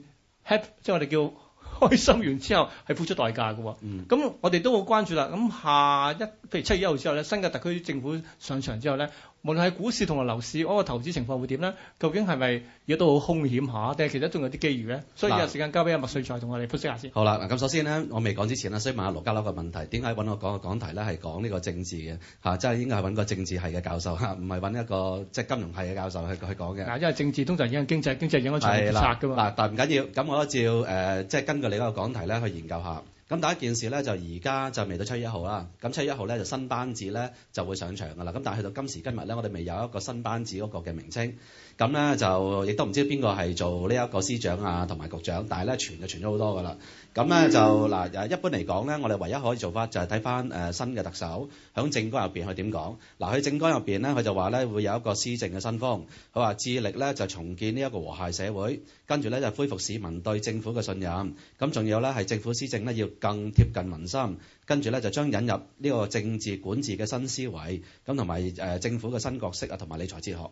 have 即係我哋叫開心完之後係付出代價嘅喎。嗯，咁我哋都好關注啦。咁下一譬如七月一號之後咧，新嘅特區政府上場之後咧。無論係股市同埋樓市，我，嗰個投資情況會點咧？究竟係咪亦都好兇險下？定係其實仲有啲機遇咧？所以有時間交俾阿麥萃才同我哋分析下先。好啦，嗱咁首先咧，我未講之前所以問下盧家騮一個問題，點解搵我講嘅講題咧係講呢個政治嘅？吓、啊，即係應該係揾個政治系嘅教授吓，唔、啊、係搵一個即係金融系嘅教授去去講嘅。嗱，因為政治通常影響經濟，經濟影響政策噶嗱，但係唔緊要，咁我照誒，即係根據你嗰個講題咧去研究下。咁第一件事呢，就而家就未到七月一號啦，咁七月一號呢就新班子呢，就會上場㗎啦。咁但係去到今時今日呢，我哋未有一個新班子嗰個嘅名稱。咁呢，就亦都唔知邊個係做呢一個司長啊，同埋局長。但係呢，傳，傳就傳咗好多㗎啦。咁呢，就嗱，一般嚟講呢，我哋唯一可以做法就係睇返新嘅特首喺政綱入面佢點講。嗱喺政綱入面呢，佢就話呢會有一個施政嘅新風。佢話致力呢，就重建呢一個和諧社會，跟住呢，就恢復市民對政府嘅信任。咁仲有呢係政府施政呢要更貼近民心，跟住咧就將引入呢個政治管治嘅新思維，咁同埋誒政府嘅新角色啊，同埋理財哲學。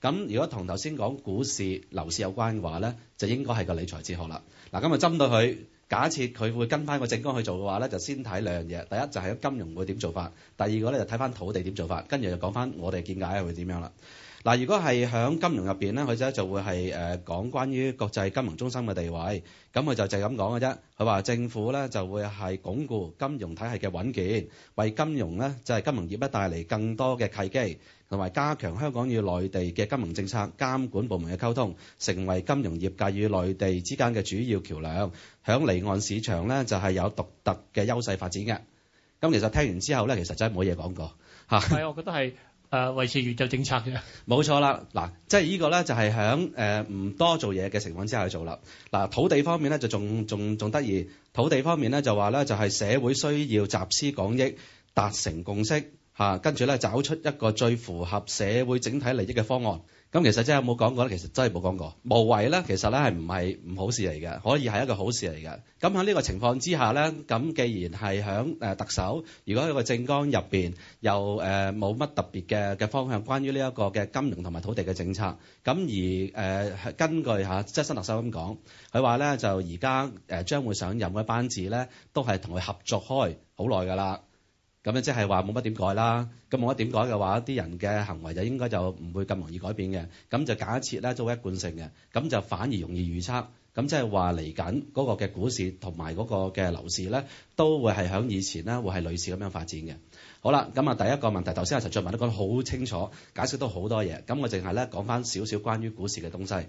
咁如果同頭先講股市、樓市有關嘅話咧，就應該係個理財哲學啦。嗱，咁就針對佢，假設佢會跟翻個政綱去做嘅話咧，就先睇兩樣嘢。第一就係、是、金融會點做法，第二個咧就睇、是、翻土地點做法，跟住就講翻我哋見解會點樣啦。嗱，如果係喺金融入邊咧，佢咧就會係誒講關於國際金融中心嘅地位，咁佢就就係咁講嘅啫。佢話政府咧就會係鞏固金融體系嘅穩健，為金融咧就係金融業咧帶嚟更多嘅契機，同埋加強香港與內地嘅金融政策監管部門嘅溝通，成為金融業界與內地之間嘅主要橋樑。喺離岸市場咧就係有獨特嘅優勢發展嘅。咁其實聽完之後咧，其實真係冇嘢講過嚇。係，我覺得係。啊，維持原有政策嘅，冇錯啦。嗱，即係依個咧就係響誒唔多做嘢嘅情況之下去做啦。嗱，土地方面咧就仲仲仲，仲得意，土地方面咧就話咧就係、是、社會需要集思廣益，達成共識吓。跟住咧找出一個最符合社會整體利益嘅方案。咁其實真有冇講過呢？其實真係冇講過。無謂呢，其實呢係唔係唔好事嚟嘅，可以係一個好事嚟嘅。咁喺呢個情況之下呢，咁既然係響、呃、特首，如果佢個政綱入面又誒冇乜特別嘅方向，關於呢一個嘅金融同埋土地嘅政策，咁而誒、呃、根據嚇、啊、即係新特首咁講，佢話呢就而家、呃、將會上任嘅班子呢，都係同佢合作開好耐㗎啦。咁即係話冇乜點改啦。咁冇乜點改嘅話，啲人嘅行為就應該就唔會咁容易改變嘅。咁就假設咧，做到一貫性嘅，咁就反而容易預測。咁即係話嚟緊嗰個嘅股市同埋嗰個嘅樓市咧，都會係響以前咧，會係類似咁樣發展嘅。好啦，咁啊，第一個問題，頭先阿陳俊文都講得好清楚，解釋都好多嘢。咁我淨係咧講翻少少關於股市嘅東西。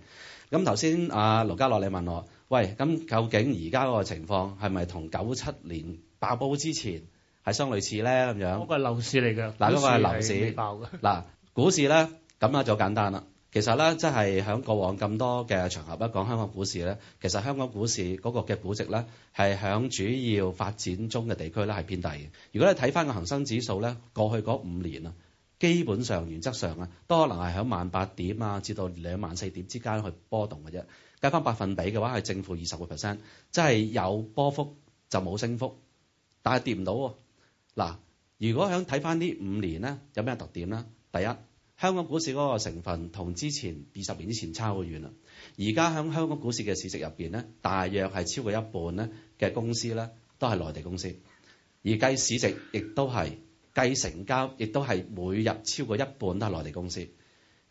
咁頭先阿盧嘉樂你問我，喂，咁究竟而家個情況係咪同九七年爆煲之前？係相類似咧咁樣，嗰個係樓市嚟嘅。嗱，嗰個係樓市。嗱，股市咧咁啊，就好簡單啦。其實咧，即係響過往咁多嘅場合咧，講香港股市咧，其實香港股市嗰個嘅估值咧，係響主要發展中嘅地區咧係偏低嘅。如果你睇翻個恒生指數咧，過去嗰五年啊，基本上原則上啊，都可能係響萬八點啊，至到兩萬四點之間去波動嘅啫。計翻百分比嘅話，係正負二十個 percent，即係有波幅就冇升幅，但係跌唔到喎。嗱，如果想睇翻呢五年咧，有咩特點咧？第一，香港股市嗰個成分同之前二十年之前差好遠啦。而家喺香港股市嘅市值入邊咧，大約係超過一半咧嘅公司咧，都係內地公司。而計市值亦都係，計成交亦都係，每日超過一半都係內地公司。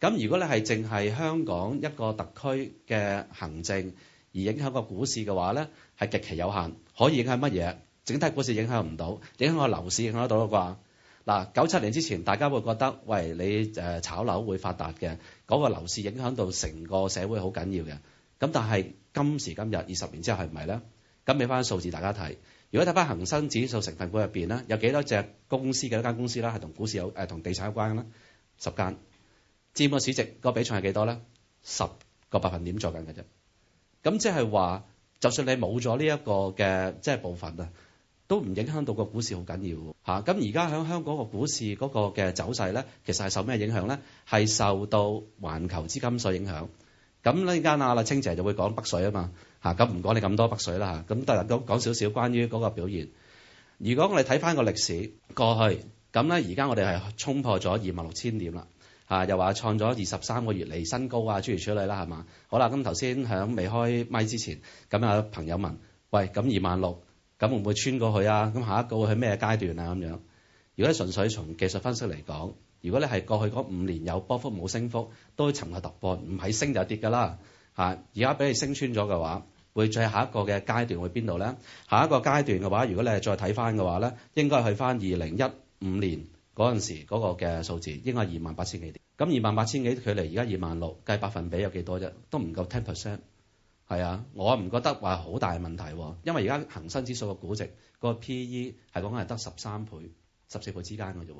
咁如果你係淨係香港一個特區嘅行政而影響個股市嘅話咧，係極其有限，可以影響乜嘢？整體股市影響唔到，影響個樓市影響得到啦啩？嗱，九七年之前大家會覺得，喂，你誒炒樓會發達嘅，嗰個樓市影響到成個社會好緊要嘅。咁但係今時今日，二十年之後係唔係咧？咁睇翻數字大家睇，如果睇翻恒生指數成分股入邊咧，有幾多隻公司，幾多間公司啦，係同股市有誒同、呃、地產有關啦？十間，佔個市值個比重係幾多咧？十個百分點做緊嘅啫。咁即係話，就算你冇咗呢一個嘅即係部分啊。都唔影響到個股市好緊要嚇，咁而家喺香港個股市嗰個嘅走勢咧，其實係受咩影響咧？係受到環球資金所影響。咁呢間啊，阿青姐就會講北水嘛啊嘛，咁唔講你咁多北水啦，咁但係講少少關於嗰個表現。如果我哋睇翻個歷史過去，咁咧而家我哋係衝破咗二萬六千點啦，又話創咗二十三個月嚟新高啊，諸如此，如此類啦係嘛？好啦，咁頭先喺未開咪之前，咁有朋友問：喂，咁二萬六？咁會唔會穿過去啊？咁下一個會係咩階段啊？咁樣，如果純粹從技術分析嚟講，如果你係過去嗰五年有波幅冇升幅，都尋求突破，唔係升就跌㗎啦。吓！而家俾你升穿咗嘅話，會再下一個嘅階段會邊度咧？下一個階段嘅話，如果你係再睇翻嘅話咧，應該去翻二零一五年嗰陣時嗰個嘅數字，應該係二萬八千幾點。咁二萬八千幾距離而家二萬六，26, 計百分比有幾多啫？都唔夠 ten percent。係啊，我唔覺得話好大問題，啊，因為而家恒生指數個估值，個 P E 係講係得十三倍、十四倍之間嘅啫。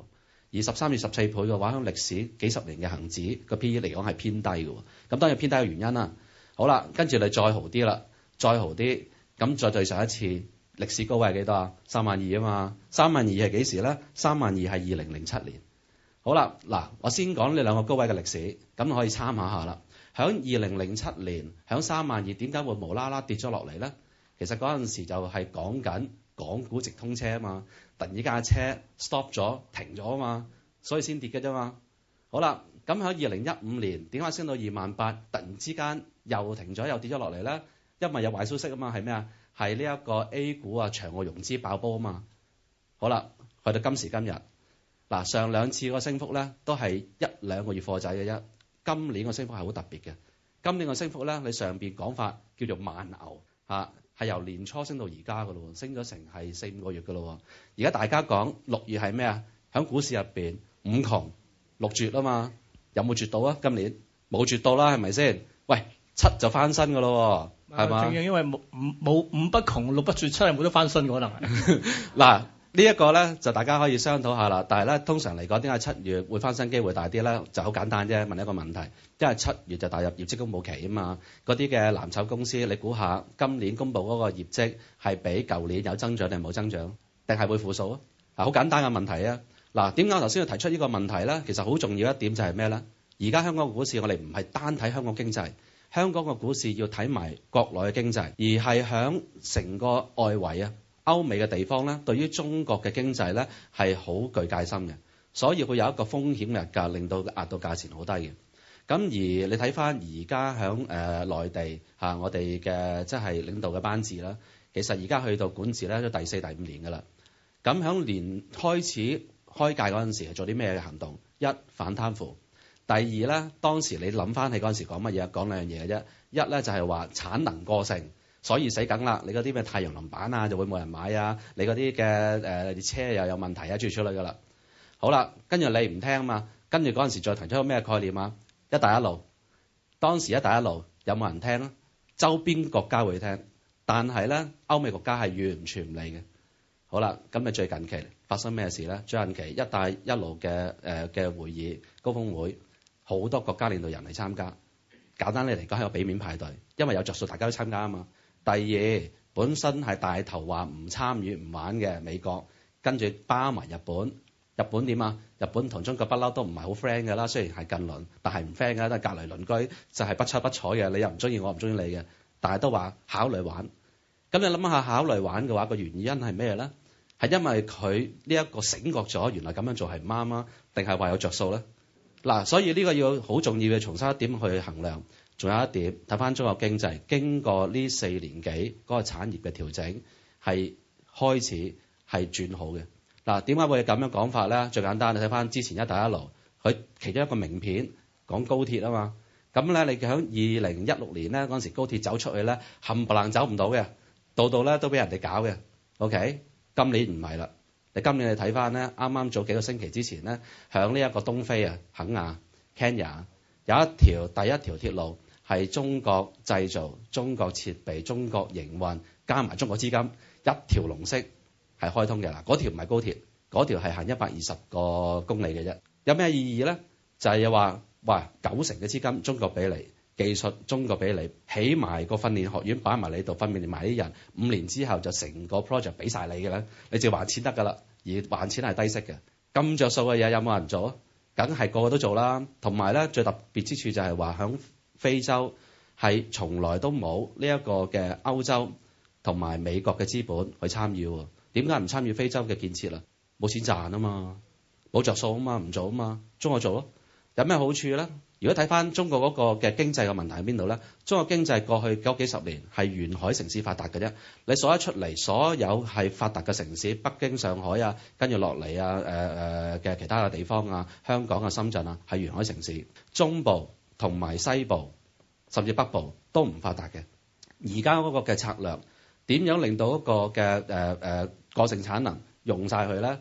而十三至十四倍嘅話，喺歷史幾十年嘅恒指個 P E 嚟講係偏低嘅，啊。咁當然偏低嘅原因啊。好啦，跟住你再豪啲啦，再豪啲，咁再對上一次歷史高位係幾多啊？三萬二啊嘛，三萬二係幾時咧？三萬二係二零零七年。好啦，嗱，我先講呢兩個高位嘅歷史，咁可以參考下啦。喺二零零七年，喺三萬二，點解會無啦啦跌咗落嚟咧？其實嗰陣時就係講緊港股直通車啊嘛，突然間嘅車 stop 咗，停咗啊嘛，所以先跌嘅啫嘛。好啦，咁喺二零一五年，點解升到二萬八？突然之間又停咗，又跌咗落嚟咧？因為有壞消息啊嘛，係咩啊？係呢一個 A 股啊，場外融資爆煲啊嘛。好啦，去到今時今日，嗱，上兩次嗰個升幅咧，都係一兩個月的貨仔嘅啫。今年個升幅係好特別嘅，今年個升幅咧，你上邊講法叫做慢牛嚇，係由年初升到而家嘅咯喎，升咗成係四五個月嘅咯喎，而家大家講六月係咩啊？喺股市入邊五窮六絕啊嘛，有冇絕到啊？今年冇絕到啦，係咪先？喂，七就翻身嘅咯喎，係嘛、啊？仲吧要因為冇五冇五，不窮六不絕，七係冇得翻身嘅可能。嗱、 啊。呢一個呢，就大家可以商討下啦，但係呢，通常嚟講，點解七月會翻身機會大啲呢？就好簡單啫，問一個問題：因為七月就大入業績公佈期啊嘛，嗰啲嘅藍籌公司，你估下今年公佈嗰個業績係比舊年有增長定冇增長，定係會負數？好簡單嘅問題啊！嗱，啊，點解我頭先要提出呢個問題呢？其實好重要一點就係咩呢？而家香港股市，我哋唔係單睇香港經濟，香港嘅股市要睇埋國內嘅經濟，而係響成個外圍啊！歐美嘅地方咧，對於中國嘅經濟咧係好具戒心嘅，所以會有一個風險溢價，令到壓到價錢好低嘅。咁而你睇返而家響誒內地嚇、啊，我哋嘅即係領導嘅班子啦，其實而家去到管治咧都第四第五年㗎喇。咁響年開始開界嗰陣時係做啲咩行動？一反貪腐，第二咧當時你諗返起嗰陣時講乜嘢？講兩樣嘢嘅啫，一咧就係、是、話產能過剩。所以死梗啦！你嗰啲咩太陽能板啊，就會冇人買啊。你嗰啲嘅誒列車又有問題啊，諸如此類噶啦。好啦，跟住你唔聽啊嘛，跟住嗰陣時再提出個咩概念啊？一帶一路，當時一帶一路有冇人聽咧、啊？周邊國家會聽，但係咧歐美國家係完全唔理嘅。好啦，咁咪最近期發生咩事咧？最近期一帶一路嘅誒嘅會議高峰會好多國家領導人嚟參加，簡單嚟嚟講係個俾面派對，因為有着數大家都參加啊嘛。第二本身係大頭話唔參與唔玩嘅美國，跟住包埋日本。日本點啊？日本同中國不嬲都唔係好 friend 㗎啦，雖然係近鄰，但係唔 friend 㗎。但係隔離鄰居，就係、是、不七不睬嘅。你又唔中意我，唔中意你嘅，但係都話考慮玩。咁你諗下考慮玩嘅話，個原因係咩咧？係因為佢呢一個醒覺咗，原來咁樣做係唔啱啊，定係話有着數咧？嗱，所以呢個要好重要嘅重新一點去衡量。仲有一點，睇翻中國經濟，經過呢四年幾嗰、嗰個產業嘅調整，係開始係轉好嘅。嗱，點解會係咁樣講法咧？最簡單，你睇翻之前一帶一路，佢其中一個名片講高鐵啊嘛。咁咧，你響二零一六年咧，嗰陣時高鐵走出去咧，冚唪唥走唔到嘅，度度咧都俾人哋搞嘅。OK，今年唔係啦。你今年你睇翻咧，啱啱早幾個星期之前咧，響呢一個東非啊，肯亞 （Kenya） 有一條第一條鐵路。係中國製造、中國設備、中國營運，加埋中國資金，一條龍式係開通嘅啦。嗰條唔係高鐵，嗰條係行一百二十個公里嘅啫。有咩意義咧？就係話喂九成嘅資金中國俾你，技術中國俾你，起埋個訓練學院擺埋你度訓練你埋啲人，五年之後就成個 project 俾晒你嘅咧，你就還錢得㗎啦。而還錢係低息嘅咁着數嘅嘢，的東西有冇人做啊？梗係個個都做啦。同埋咧，最特別之處就係話響。非洲係從來都冇呢一個嘅歐洲同埋美國嘅資本去參與喎，點解唔參與非洲嘅建設咧？冇錢賺啊嘛，冇着數啊嘛，唔做啊嘛、啊，中國做咯、啊，有咩好處咧？如果睇翻中國嗰個嘅經濟嘅問題喺邊度咧？中國經濟過去九幾十年係沿海城市發達嘅啫，你數一出嚟，所有係發達嘅城市，北京、上海啊，跟住落嚟啊，誒誒嘅其他嘅地方啊，香港啊、深圳啊，係沿海城市，中部。同埋西部甚至北部都唔發達嘅，而家嗰個嘅策略點樣令到一個嘅誒誒過剩產能用晒佢咧？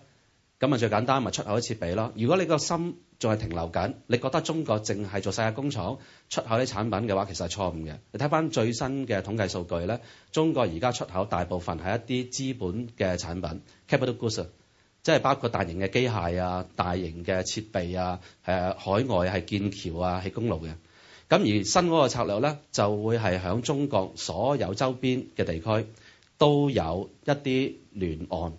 咁啊最簡單咪、就是、出口啲設備咯。如果你個心仲係停留緊，你覺得中國淨係做世界工廠出口啲產品嘅話，其實係錯誤嘅。你睇翻最新嘅統計數據咧，中國而家出口大部分係一啲資本嘅產品。Capital Goods。即係包括大型嘅機械啊、大型嘅設備啊、誒海外係建橋啊、係公路嘅。咁而新嗰個策略咧，就會係響中國所有周邊嘅地區都有一啲聯岸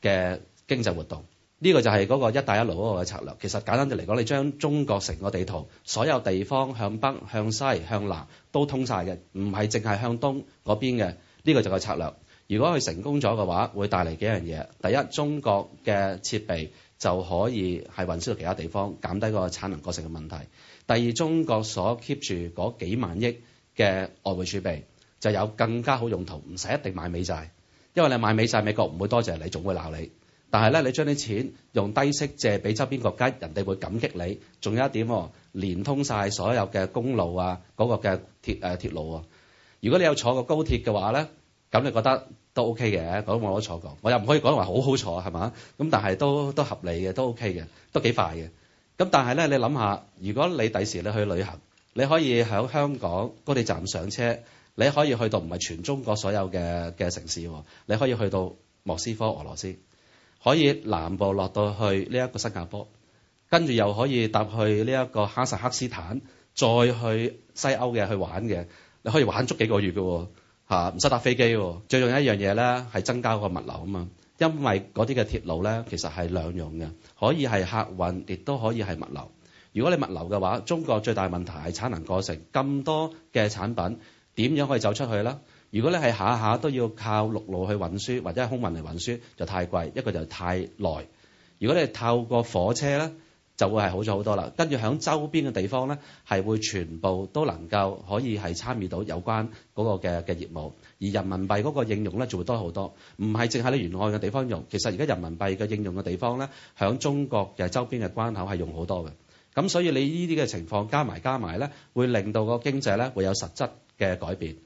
嘅經濟活動。呢個就係嗰個一帶一路嗰個嘅策略。其實簡單啲嚟講，你將中國成個地圖，所有地方向北、向西、向南都通晒嘅，唔係淨係向東嗰邊嘅。呢個就係策略。如果佢成功咗嘅話，會帶嚟幾樣嘢。第一，中國嘅設備就可以係運輸到其他地方，減低個產能過剩嘅問題。第二，中國所 keep 住嗰幾萬億嘅外匯儲備就有更加好用途，唔使一定買美債，因為你買美債，美國唔會多謝你，仲會鬧你。但係咧，你將啲錢用低息借俾周邊國家，人哋會感激你。仲有一點，哦，連通晒所有嘅公路啊，嗰，個嘅鐵誒、啊、鐵路啊。如果你有坐過高鐵嘅話咧，咁你覺得都 OK 嘅，講，我都坐過。我又唔可以講話好好坐係嘛？咁但係都都合理嘅，都 OK 嘅，都幾快嘅。咁但係咧，你諗下，如果你第時你去旅行，你可以喺香港高鐵站上車，你可以去到唔係全中國所有嘅嘅城市喎。你可以去到莫斯科、俄羅斯，可以南部落到去呢一個新加坡，跟住又可以搭去呢一個哈薩克斯坦，再去西歐嘅去玩嘅，你可以玩足幾個月嘅喎。嚇，唔使搭飛機喎，最重要一樣嘢咧係增加個物流啊嘛，因為嗰啲嘅鐵路咧其實係兩用嘅，可以係客運，亦都可以係物流。如果你物流嘅話，中國最大問題係產能過剩，咁多嘅產品點樣可以走出去啦？如果你係下下都要靠陸路去運輸或者係空運嚟運輸，就太貴，一個就太耐。如果你係透過火車咧。就會係好咗好多啦，跟住喺周邊嘅地方咧，係會全部都能夠可以係參與到有關嗰個嘅嘅業務，而人民幣嗰個應用咧就會多好多，唔係淨係你沿岸嘅地方用，其實而家人民幣嘅應用嘅地方咧，喺中國嘅周邊嘅關口係用好多嘅，咁所以你這些加上加上呢啲嘅情況加埋加埋咧，會令到個經濟咧會有實質嘅改變，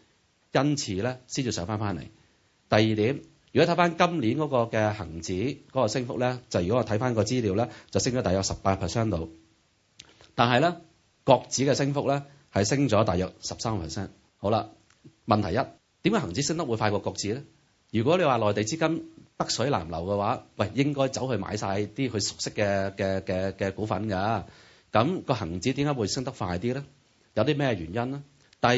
因此咧先至上返返嚟。第二點。如果睇翻今年嗰個嘅恒指嗰個升幅咧，就如果我睇翻個資料咧，就升咗大約十八 percent 度。但係咧，國指嘅升幅咧係升咗大約十三 percent。好啦，問題一，點解恒指升得會快過國指咧？如果你話內地資金北水南流嘅話，喂，應該走去買晒啲佢熟悉嘅嘅嘅嘅股份㗎。咁個恒指點解會升得快啲咧？有啲咩原因咧？第二，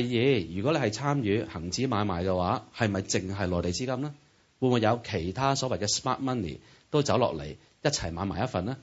如果你係參與恒指買賣嘅話，係咪淨係內地資金咧？會唔會有其他所謂嘅 smart money 都走落嚟一齊買埋一份咧？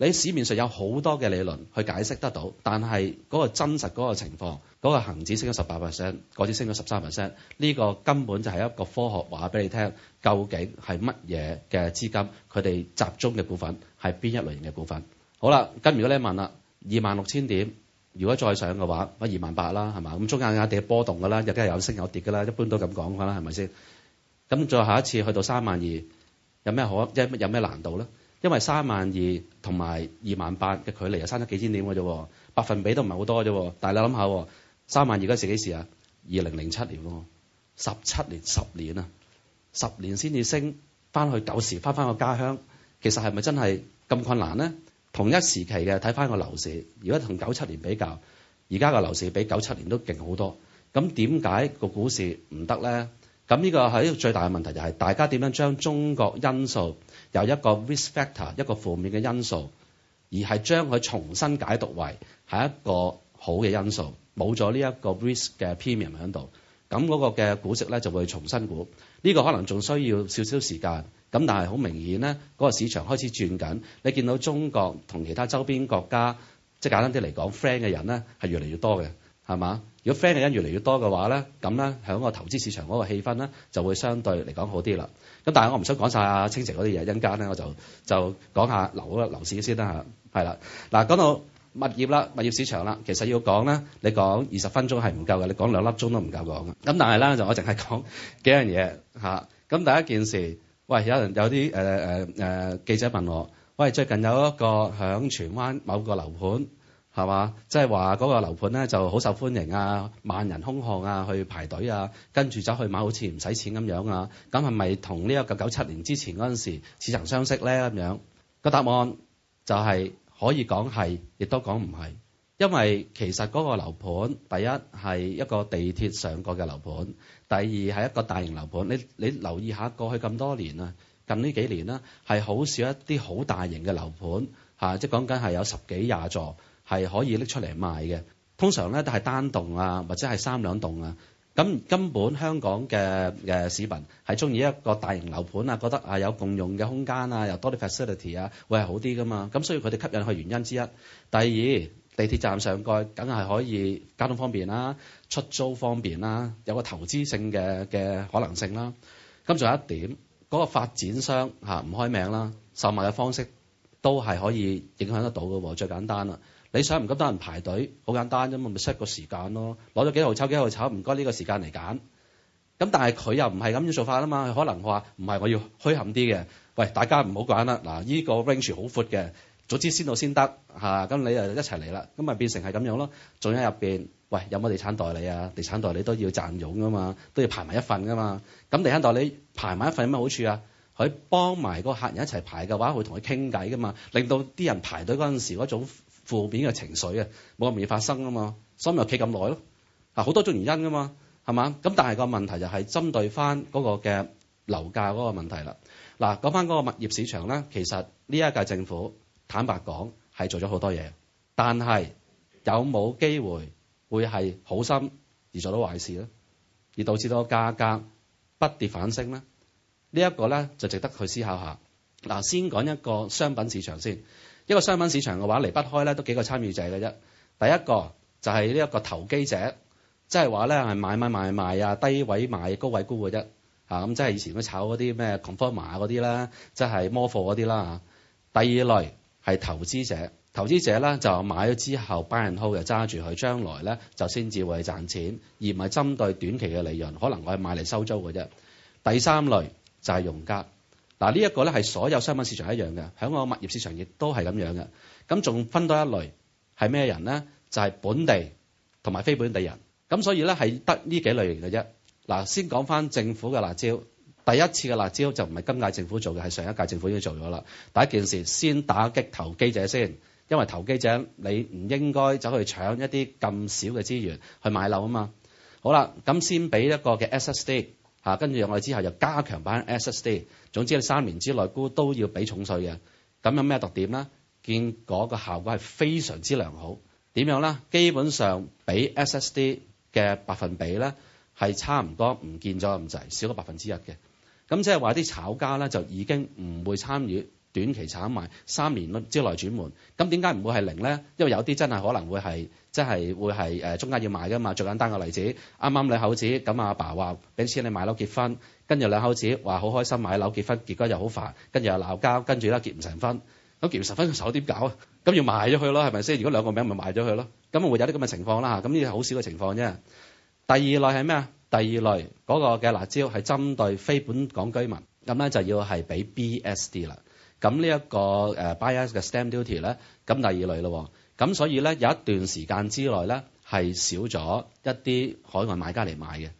你市面上有好多嘅理論去解釋得到，但係嗰個真實嗰個情況，嗰個恆指升咗十八 percent，個指升咗十三 percent，呢個根本就係一個科學話俾你聽，究竟係乜嘢嘅資金佢哋集中嘅股份係邊一類型嘅股份？好啦，咁如果你問啦，二萬六千點，如果再上嘅話，揾二萬八啦，係嘛？咁中間啱啱跌波動㗎啦，日日有升有跌㗎啦，一般都咁講㗎啦，係咪先？咁再下一次去到三萬二，有咩可有咩難度咧？因為三萬二同埋二萬八嘅距離就差咗幾千點嘅啫，百分比都唔係好多啫。但係你諗下，三萬二嗰時幾時啊？二零零七年，十七年十年啊，十年先至升翻去舊時，翻返個家鄉。其實係咪真係咁困難咧？同一時期嘅睇翻個樓市，如果同九七年比較，而家個樓市比九七年都勁好多。咁點解個股市唔得咧？咁呢個係一個最大嘅問題，就係大家點樣將中國因素由一個 risk factor 一個負面嘅因素，而係將佢重新解讀為係一個好嘅因素，冇咗呢一個 risk 嘅 premium 喺度，咁嗰個嘅估值咧就會重新估。呢、這個可能仲需要少少時間，咁但係好明顯咧，嗰、那個市場開始轉緊。你見到中國同其他周邊國家，即係簡單啲嚟講 friend 嘅人咧，係越嚟越多嘅，係嘛？如果 friend 嘅人越嚟越多嘅話咧，咁咧喺個投資市場嗰個氣氛咧就會相對嚟講好啲啦。咁但係我唔想講晒阿清城嗰啲嘢，一陣間咧我就就講下樓嗰個樓市先得。嚇，係啦。嗱，講到物業啦，物業市場啦，其實要講咧，你講二十分鐘係唔夠嘅，你講兩粒鐘都唔夠講嘅。咁但係咧就我淨係講幾樣嘢嚇。咁第一件事，喂有人有啲誒誒誒記者問我，喂最近有一個喺荃灣某個樓盤。係嘛？即係話嗰個樓盤咧就好受歡迎啊，萬人空巷啊，去排隊啊，跟住走去買，好似唔使錢咁樣啊。咁係咪同呢個九九七年之前嗰陣時似曾相識咧？咁樣個答案就係可以講係，亦都講唔係，因為其實嗰個樓盤第一係一個地鐵上過嘅樓盤，第二係一個大型樓盤。你你留意下過去咁多年啊，近呢幾年啦，係好少一啲好大型嘅樓盤嚇，即係講緊係有十幾廿座係可以拎出嚟賣嘅。通常咧都係單棟啊，或者係三兩棟啊。咁根本香港嘅市民係中意一個大型樓盤啊，覺得啊有共用嘅空間啊，有多啲 facility 啊，會係好啲噶嘛。咁所以佢哋吸引佢原因之一。第二，地鐵站上蓋梗係可以交通方便啦，出租方便啦，有個投資性嘅嘅可能性啦。咁仲有一點，嗰個發展商嚇唔開名啦，售賣嘅方式都係可以影響得到嘅喎。最簡單啦。你想唔咁多人排隊，好簡單啫嘛，咪 set 個時間咯，攞咗幾號抽幾號抽，唔該呢個時間嚟揀。咁但係佢又唔係咁樣做法啦嘛，可能話唔係我要虛冚啲嘅。喂，大家唔好講啦，嗱、這個，呢個 range 好闊嘅，早知先到先得吓，咁你誒一齊嚟啦，咁咪變成係咁樣咯。仲有入邊，喂，有冇地產代理啊？地產代理都要賺傭噶嘛，都要排埋一份噶嘛。咁地產代理排埋一份有咩好處啊？佢幫埋個客人一齊排嘅話，會同佢傾偈噶嘛，令到啲人排隊嗰陣時嗰種。負面嘅情緒嘅冇咁容易發生啊嘛，所以咪企咁耐咯。啊，好多種原因噶嘛，係嘛？咁但係個問題就係針對翻嗰個嘅樓價嗰個問題啦。嗱，講翻嗰個物業市場咧，其實呢一屆政府坦白講係做咗好多嘢，但係有冇機會會係好心而做到壞事咧？而導致到個價格不跌反升咧？這個、呢一個咧就值得去思考下。嗱，先講一個商品市場先。一個商品市場嘅話，離不開咧都幾個參與者嘅啫。第一個就係呢一個投機者，即係話咧係買買賣賣啊，低位買，高位沽嘅啫。啊，咁即係以前都炒嗰啲咩 conform 啊嗰啲啦，即係摩貨嗰啲啦嚇。第二類係投資者，投資者咧就買咗之後，buy and hold 就揸住佢，將來咧就先至會賺錢，而唔係針對短期嘅利潤，可能我係買嚟收租嘅啫。第三類就係用家。嗱呢一個咧係所有商品市場一樣嘅，喺個物業市場亦都係咁樣嘅。咁仲分多一類係咩人咧？就係本地同埋非本地人。咁所以咧係得呢幾類型嘅啫。嗱，先講返政府嘅辣招。第一次嘅辣招就唔係今屆政府做嘅，係上一屆政府已經做咗啦。第一件事先打擊投機者先，因為投機者你唔應該走去搶一啲咁少嘅資源去買樓啊嘛。好啦，咁先俾一個嘅 SSD。啊，跟住我哋之後就加強版 SSD，總之你三年之內沽都要俾重稅嘅。咁有咩特點咧？見嗰個效果係非常之良好。點樣咧？基本上俾 SSD 嘅百分比咧係差唔多唔見咗咁滯，少咗百分之一嘅。咁即係話啲炒家咧就已經唔會參與。短期炒賣三年咯，之內轉換咁點解唔會係零咧？因為有啲真係可能會係，即係會係誒中間要賣噶嘛。最簡單個例子，啱啱兩口子咁，阿爸話俾錢你買樓結婚，跟住兩口子話好開心買樓結婚，結果又好煩，跟住又鬧交，跟住咧結唔成婚，咁結唔成婚嘅時候點搞啊？咁要賣咗佢咯，係咪先？如果兩個名咪賣咗佢咯，咁會有啲咁嘅情況啦嚇。咁呢啲係好少嘅情況啫。第二類係咩啊？第二類嗰個嘅辣招係針對非本港居民咁咧，就要係俾 BSD 啦。咁呢一個 buyers 嘅 stamp duty 咧，咁第二類咯、哦。咁所以咧，有一段時間之內咧係少咗一啲海外買家嚟買嘅。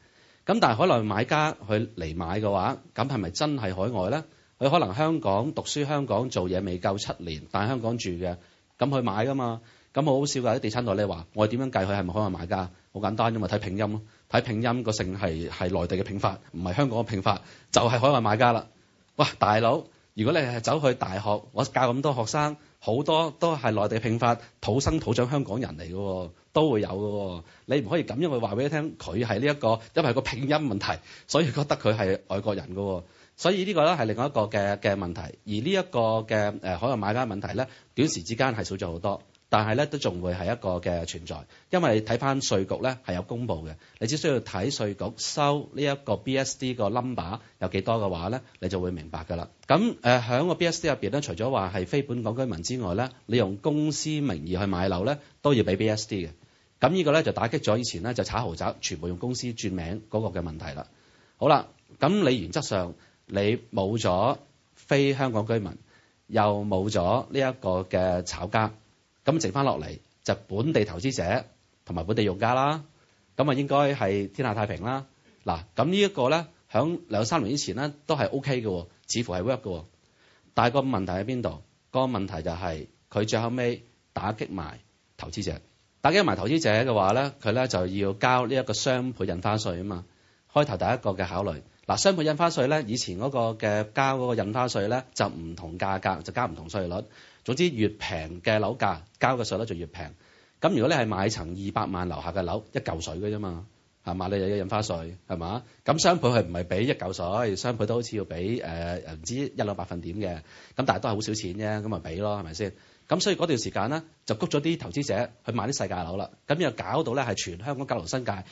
咁但係海外買家去嚟買嘅話，咁係咪真係海外咧？佢可能香港讀書，香港做嘢未夠七年，但係香港住嘅，咁去買噶嘛？咁好笑㗎！啲地產代理話：我點樣計佢係咪海外買家？好簡單因嘛，睇拼音咯，睇拼音個姓係係內地嘅拼法，唔係香港嘅拼法，就係、是、海外買家啦。哇！大佬！如果你係走去大學，我教咁多學生，好多都係內地拼發、土生土長香港人嚟嘅，都會有嘅。你唔可以咁樣去話俾你聽，佢係呢一個，因為係個拼音問題，所以覺得佢係外國人嘅。所以呢個咧係另外一個嘅嘅問題，而呢一個嘅誒海外買家的問題咧，短時之間係少咗好多。但係咧，都仲會係一個嘅存在，因為你睇翻稅局咧係有公布嘅。你只需要睇稅局收呢一個 B S D 個 number 有幾多嘅話咧，你就會明白㗎啦。咁誒喺個 B S D 入面咧，除咗話係非本港居民之外咧，你用公司名義去買樓咧都要俾 B S D 嘅。咁呢個咧就打擊咗以前咧就炒豪宅全部用公司轉名嗰個嘅問題啦。好啦，咁你原則上你冇咗非香港居民，又冇咗呢一個嘅炒家。咁剩翻落嚟就是、本地投資者同埋本地用家啦，咁啊應該係天下太平啦。嗱，咁呢一個咧，響兩三年以前咧都係 O K 嘅，似乎係 work 嘅。但係個問題喺邊度？個問題就係、是、佢最後尾打擊埋投資者，打擊埋投資者嘅話咧，佢咧就要交呢一個雙倍印花稅啊嘛。開頭第一個嘅考慮，嗱，雙倍印花稅咧，以前嗰個嘅交嗰個印花稅咧，就唔同價格，就交唔同稅率。總之，越平嘅樓價，交嘅稅咧就越平。咁如果你係買層二百萬樓下嘅樓，一嚿水嘅啫嘛，係嘛？你又要印花稅，係嘛？咁雙倍係唔係俾一嚿水？雙倍都好似要俾誒唔知一兩百分點嘅。咁但係都係好少錢啫，咁咪俾咯，係咪先？咁所以嗰段時間咧，就谷咗啲投資者去買啲世界樓啦。咁又搞到咧係全香港舊樓新界冚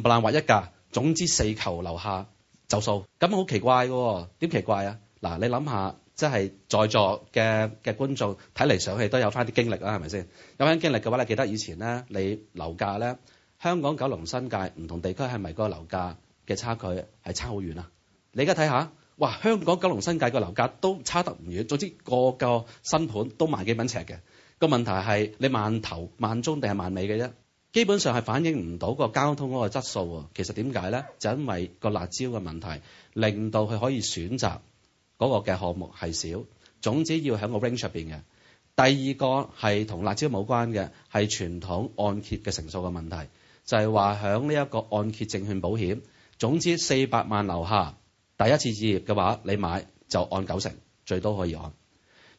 唪唥劃一價。總之四球樓下就數，咁好奇怪嘅、哦？點奇怪啊？嗱，你諗下。即係在座嘅嘅觀眾睇嚟上去都有翻啲經歷啦，係咪先？有啲經歷嘅話，你記得以前咧，你樓價咧，香港九龍新界唔同地區係咪個樓價嘅差距係差好遠啊？你而家睇下，哇！香港九龍新界個樓價都差得唔遠。總之個個新盤都萬幾蚊尺嘅。個問題係你萬頭萬中定係萬尾嘅啫。基本上係反映唔到個交通嗰個質素啊。其實點解咧？就因為個辣椒嘅問題，令到佢可以選擇。嗰個嘅項目係少，總之要喺個 range 上面嘅。第二個係同辣椒冇關嘅，係傳統按揭嘅成數嘅問題，就係話喺呢一個按揭證券保險，總之四百萬樓下第一次置業嘅話，你買就按九成，最多可以按。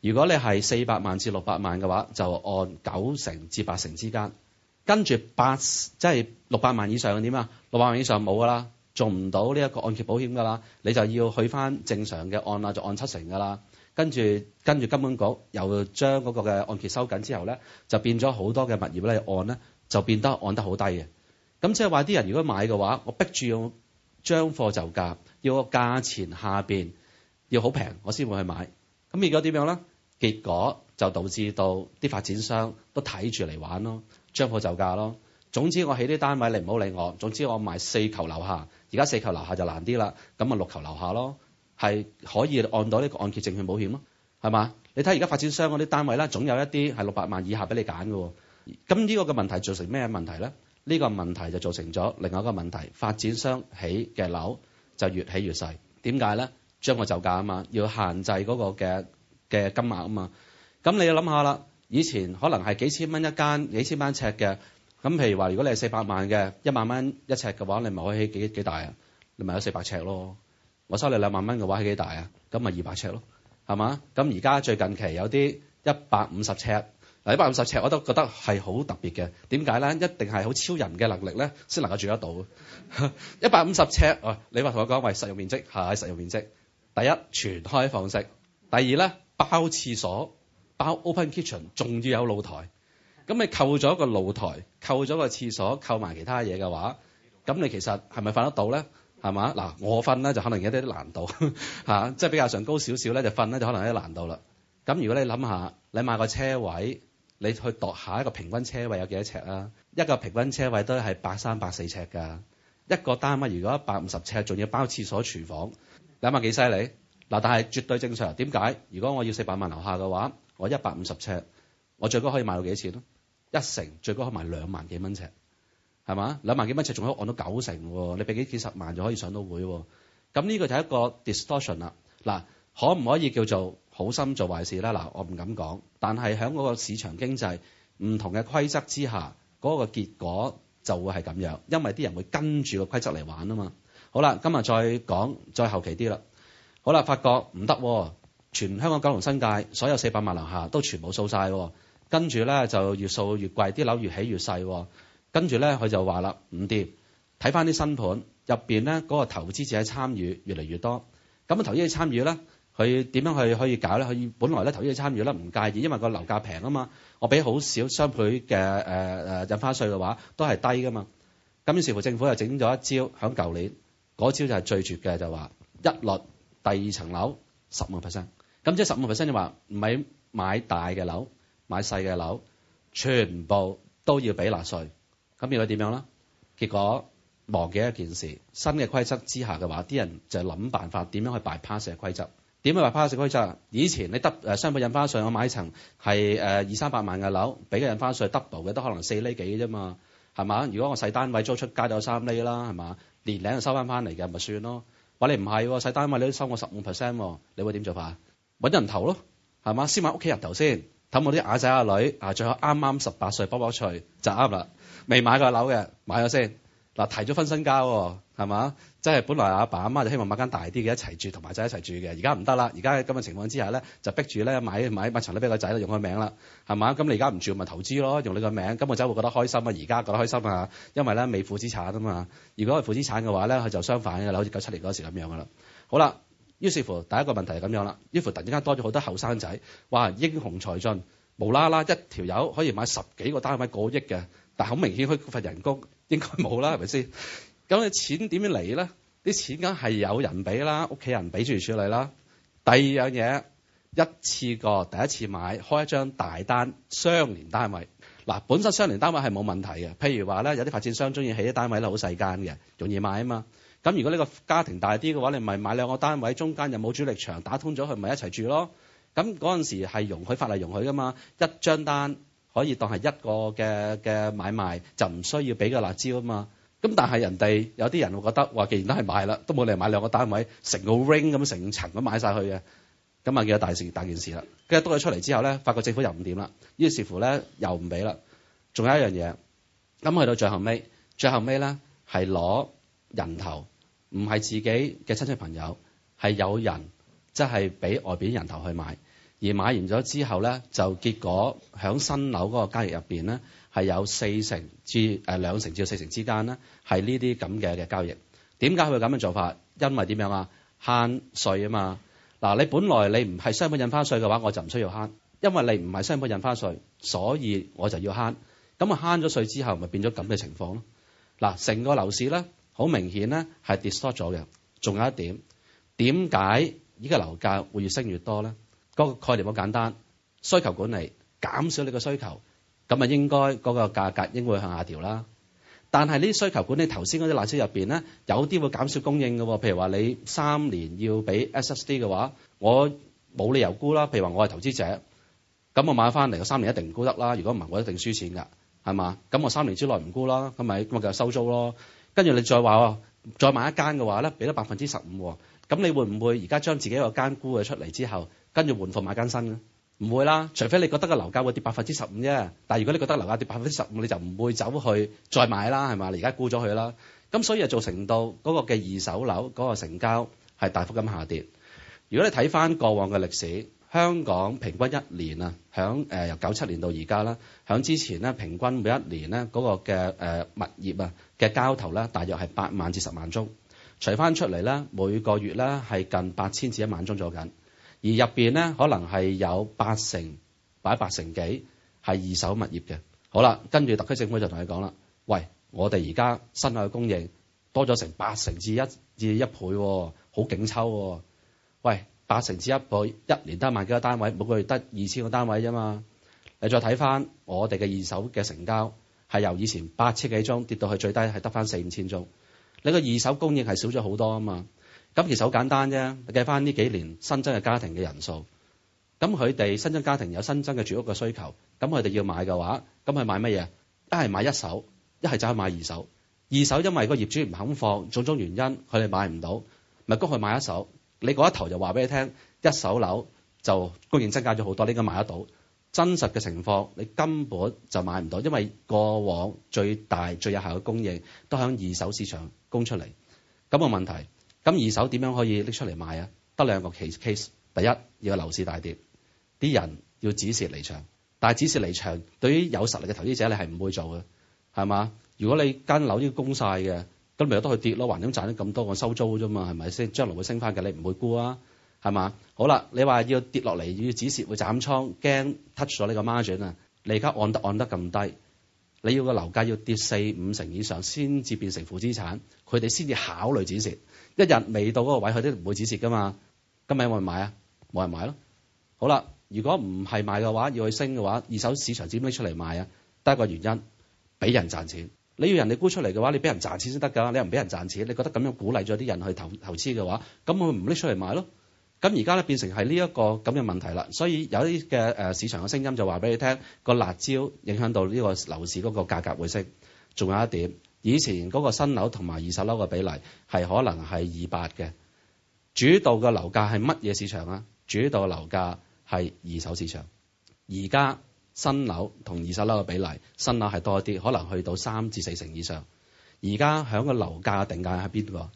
如果你係四百萬至六百萬嘅話，就按九成至八成之間。跟住八即係六百萬以上點啊？六百萬以上冇㗎啦。做唔到呢一個按揭保險噶啦，你就要去翻正常嘅按啊，就按七成噶啦。跟住跟住，金管局又將嗰個嘅按揭收緊之後咧，就變咗好多嘅物業咧，按咧就變得按得好低嘅。咁即係話啲人如果人買嘅話，我逼住要將貨就價，要個價錢下邊要好平，我先會去買。咁而家點樣咧？結果就導致到啲發展商都睇住嚟玩咯，將貨就價咯。總之我起啲單位，你唔好理我。總之我賣四球樓下，而家四球樓下就難啲啦，咁咪六球樓下咯，係可以按到呢個按揭證券保險咯，係嘛？你睇而家發展商嗰啲單位咧，總有一啲係六百萬以下俾你揀喎。咁呢個嘅問題造成咩問題咧？呢個問題就造成咗另外一個問題，發展商起嘅樓就越起越細。點解咧？將個就價啊嘛，要限制嗰個嘅嘅金額啊嘛。咁你要諗下啦，以前可能係幾千蚊一間、幾千蚊尺嘅。咁譬如話，如果你係四百萬嘅，1, 一萬蚊一尺嘅話，你咪可以起幾幾大啊？你咪有四百尺咯。我收你兩萬蚊嘅話，起幾大啊？咁咪二百尺咯，係嘛？咁而家最近期有啲一百五十尺，嗱，一百五十尺我都覺得係好特別嘅。點解咧？一定係好超人嘅能力咧，先能夠住得到。一百五十尺，你話同我講，喂，實用面積？係，實用面積。第一，全開放式；第二咧，包廁所，包 open kitchen，仲要有露台。咁你扣咗個露台、扣咗個廁所、扣埋其他嘢嘅話，咁你其實係咪瞓得到咧？係嘛？嗱，我瞓咧就可能有啲難度 即係比較上高少少咧就瞓咧就可能有啲難度啦。咁如果你諗下，你買個車位，你去度下一個平均車位有幾多尺啊？一個平均車位都係百三百四尺㗎。一個單位如果一百五十尺，仲要包廁所、廚房，你諗下幾犀利？嗱，但係絕對正常。點解？如果我要四百萬樓下嘅話，我一百五十尺。我最高可以賣到幾錢咯？一成最高可以賣兩萬幾蚊尺，係嘛？兩萬幾蚊尺仲可以按到九成喎。你俾幾幾十萬就可以上到會喎。咁呢個就係一個 distortion 啦。嗱，可唔可以叫做好心做壞事咧？嗱，我唔敢講，但係喺嗰個市場經濟唔同嘅規則之下，嗰個結果就會係咁樣，因為啲人會跟住個規則嚟玩啊嘛。好啦，今日再講再後期啲啦。好啦，發覺唔得，全香港九龍新界所有四百萬樓下都全部掃晒喎。跟住咧就越數越貴，啲樓越起越細、哦。跟住咧，佢就話啦唔掂，睇翻啲新盤入邊咧，嗰、那個投資者參與越嚟越多。咁啊，投資者參與咧，佢點樣去可以搞咧？佢本來咧，投資者參與咧唔介意，因為個樓價平啊嘛。我俾好少雙倍嘅誒誒印花稅嘅話，都係低噶嘛。咁於是乎，政府又整咗一招，響舊年嗰招就係最絕嘅，就話一律第二層樓十五個 percent。咁即係十五個 percent，就話唔係買大嘅樓。買細嘅樓，全部都要俾納稅，咁會點樣啦？結果忘記一件事，新嘅規則之下嘅話，啲人就諗辦法點樣去擺 pass 嘅規則？點樣擺 pass 嘅規則？以前你得誒，雙倍印花稅，我買層係誒二三百萬嘅樓，俾佢印花稅 double 嘅，的都可能四厘幾啫嘛，係嘛？如果我細單位租出加咗三厘啦，係嘛？年領就收翻翻嚟嘅咪算咯。話你唔係細單位你、哦，你都收我十五 percent，你會點做法？揾人頭咯，係嘛？先揾屋企人頭先。氹我啲阿仔阿女，最後啱啱十八歲，卜卜脆就啱啦，未買過樓嘅，買咗先。嗱，提咗分身家喎、哦，係嘛？即係本來阿爸阿媽就希望買間大啲嘅一齊住，同埋仔一齊住嘅。而家唔得喇。而家咁嘅情況之下呢，就逼住咧買買買層都俾個仔啦，用佢名啦，係嘛？咁而家唔住咪投資咯，用你個名。咁個仔會覺得開心啊，而家覺得開心啊，因為咧未負資產嘛。如果係負資產嘅話咧，佢就相反嘅喇，好似九七年嗰時咁樣噶啦。好啦。於是乎，第一個問題係咁樣啦。於是乎，突然間多咗好多後生仔，哇！英雄才俊，無啦啦一條友可以買十幾個單位，過億嘅。但係好明顯，佢份人工應該冇啦，係咪先？咁你錢點樣嚟咧？啲錢梗係有人俾啦，屋企人俾住處理啦。第二樣嘢，一次過第一次買，開一張大單，雙連單位。嗱，本身雙連單位係冇問題嘅。譬如話咧，有啲發展商中意起啲單位咧，好細間嘅，容易買啊嘛。咁如果呢個家庭大啲嘅話，你咪買兩個單位，中間又冇主力場打通咗，佢咪一齊住咯？咁嗰陣時係容許法例容許噶嘛？一張單可以當係一個嘅嘅買賣，就唔需要俾個辣招啊嘛？咁但係人哋有啲人會覺得嘩，既然都係買啦，都冇理由買兩個單位，成個 ring 咁成層咁買晒去嘅，咁咪叫大成大件事啦。跟住篤佢出嚟之後咧，發覺政府又唔掂啦，於是乎咧又唔俾啦。仲有一樣嘢，咁去到最後尾，最後尾咧係攞。人頭唔係自己嘅親戚朋友，係有人即係俾外邊人頭去買，而買完咗之後咧，就結果喺新樓嗰個交易入邊咧，係有四成至誒兩成至四成之間咧，係呢啲咁嘅嘅交易。點解佢會咁樣嘅做法？因為點樣啊？慳稅啊嘛嗱！你本來你唔係商品印花稅嘅話，我就唔需要慳，因為你唔係商品印花稅，所以我就要慳咁啊，慳咗稅之後，咪變咗咁嘅情況咯嗱。成個樓市咧。好明顯咧，係 distort 咗嘅。仲有一點，點解而家樓價會越升越多咧？嗰個概念好簡單，需求管理減少你嘅需求，咁咪應該嗰個價格應該會向下調啦。但係呢需求管理頭先嗰啲辣招入面咧，有啲會減少供應嘅、哦。譬如話你三年要俾 S S D 嘅話，我冇理由沽啦。譬如話我係投資者，咁我買翻嚟，我三年一定唔沽得啦。如果唔係，我一定輸錢㗎，係嘛？咁我三年之內唔沽啦，咁咪咁咪繼續收租咯。跟住你再話，再買一間嘅話呢，俾咗百分之十五，咁你會唔會而家將自己個間估佢出嚟之後，跟住換貨買間新呢？唔會啦，除非你覺得個樓價會跌百分之十五啫。但係如果你覺得樓價跌百分之十五，你就唔會走去再買啦，係嘛？你而家估咗佢啦，咁所以就造成到嗰個嘅二手樓嗰個成交係大幅咁下跌。如果你睇翻過往嘅歷史，香港平均一年啊，響誒由九七年到而家啦，響之前咧平均每一年咧嗰個嘅誒物業啊嘅交投咧大約係八萬至十萬宗，除翻出嚟咧每個月咧係近八千至一萬宗咗緊，而入邊咧可能係有八成，擺八成幾，係二手物業嘅。好啦，跟住特區政府就同你講啦，喂，我哋而家新樓嘅供應多咗成八成至一至一倍，哦，好勁秋喎，喂。八成至一個一年得萬幾多個單位，每個月得二千個單位啫嘛。你再睇翻我哋嘅二手嘅成交，係由以前八千幾宗跌到去最低係得翻四五千宗。你個二手供應係少咗好多啊嘛。咁其實好簡單啫，計翻呢幾年新增嘅家庭嘅人數。咁佢哋新增家庭有新增嘅住屋嘅需求，咁佢哋要買嘅話，咁佢買乜嘢？一係買一手，一係就去買二手。二手因為個業主唔肯放，種種原因佢哋買唔到，咪焗去買一手。你嗰一頭就話俾你聽，一手樓就供應增加咗好多，呢個買得到。真實嘅情況，你根本就買唔到，因為過往最大最有效嘅供應都喺二手市場供出嚟。咁個問題，咁二手點樣可以拎出嚟賣啊？得兩個 case，第一要有樓市大跌，啲人要止蝕離場。但係止蝕離場對於有實力嘅投資者，你係唔會做嘅，係嘛？如果你間樓要供晒嘅。咁咪由得佢跌咯，還點賺咗咁多個收租啫嘛，係咪先？將來會升翻嘅，你唔會沽啊，係嘛？好啦，你話要跌落嚟要止蝕，會斬倉，驚突咗呢個 margin 啊！你而家按得按得咁低，你要個樓價要跌四五成以上先至變成負資產，佢哋先至考慮止蝕。一日未到嗰個位，佢都唔會止蝕噶嘛。今日有冇、啊、人買啊？冇人買咯。好啦，如果唔係賣嘅話，要去升嘅話，二手市場點解出嚟賣啊？得一個原因，俾人賺錢。你要人哋沽出嚟嘅話，你俾人賺錢先得噶。你又唔俾人賺錢，你覺得咁樣鼓勵咗啲人去投投資嘅話，咁佢唔拎出嚟買咯。咁而家咧變成係呢一個咁嘅問題啦。所以有啲嘅誒市場嘅聲音就話俾你聽，個辣椒影響到呢個樓市嗰個價格會升。仲有一點，以前嗰個新樓同埋二手樓嘅比例係可能係二八嘅，主導嘅樓價係乜嘢市場啊？主導嘅樓價係二手市場。而家新樓同二手樓嘅比例，新樓係多一啲，可能去到三至四成以上。而家喺個樓價定價喺邊度？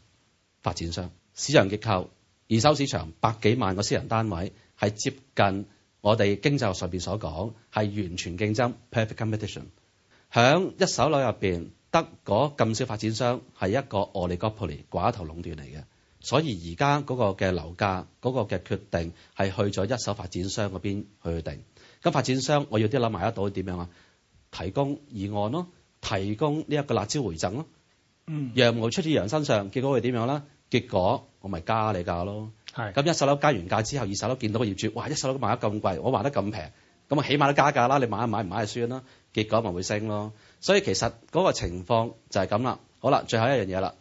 發展商、市場結構、二手市場百幾萬個私人單位，係接近我哋經濟學上面所講係完全競爭 （perfect competition）。喺一手樓入面，得嗰咁少發展商係一個我哋 oligopoly 寡頭壟斷嚟嘅，所以而家嗰個嘅樓價嗰個嘅決定係去咗一手發展商嗰邊去定。咁發展商我要啲諗埋得到點樣啊？提供疑案咯，提供呢一個辣招回贈咯，羊毛、嗯、出在羊身上，結果會點樣啦？結果我咪加你價咯。咁係一手樓加完價之後，二手樓見到個業主，哇！一手樓賣得咁貴，我賣得咁平，咁啊起碼都加價啦。你買唔買，買，買就算啦。結果咪會升咯。所以其實嗰個情況就係咁啦。好啦，最後一樣嘢啦，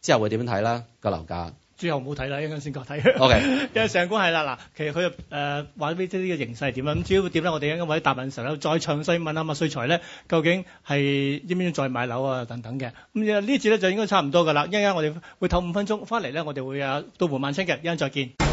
之後會點樣睇啦個樓價？之後唔好睇啦，一陣先過睇。OK，因為上官係啦，嗱，其實佢誒話呢啲呢個形勢係點啊？咁主要會點咧？我哋一陣或者答問時候再詳細問啊嘛。麥萃才咧，究竟係應唔應再買樓啊？等等嘅。咁、嗯、呢次咧就應該差唔多㗎啦。一陣我哋會唞五分鐘，翻嚟咧我哋會啊到胡孟青嘅。一陣再見。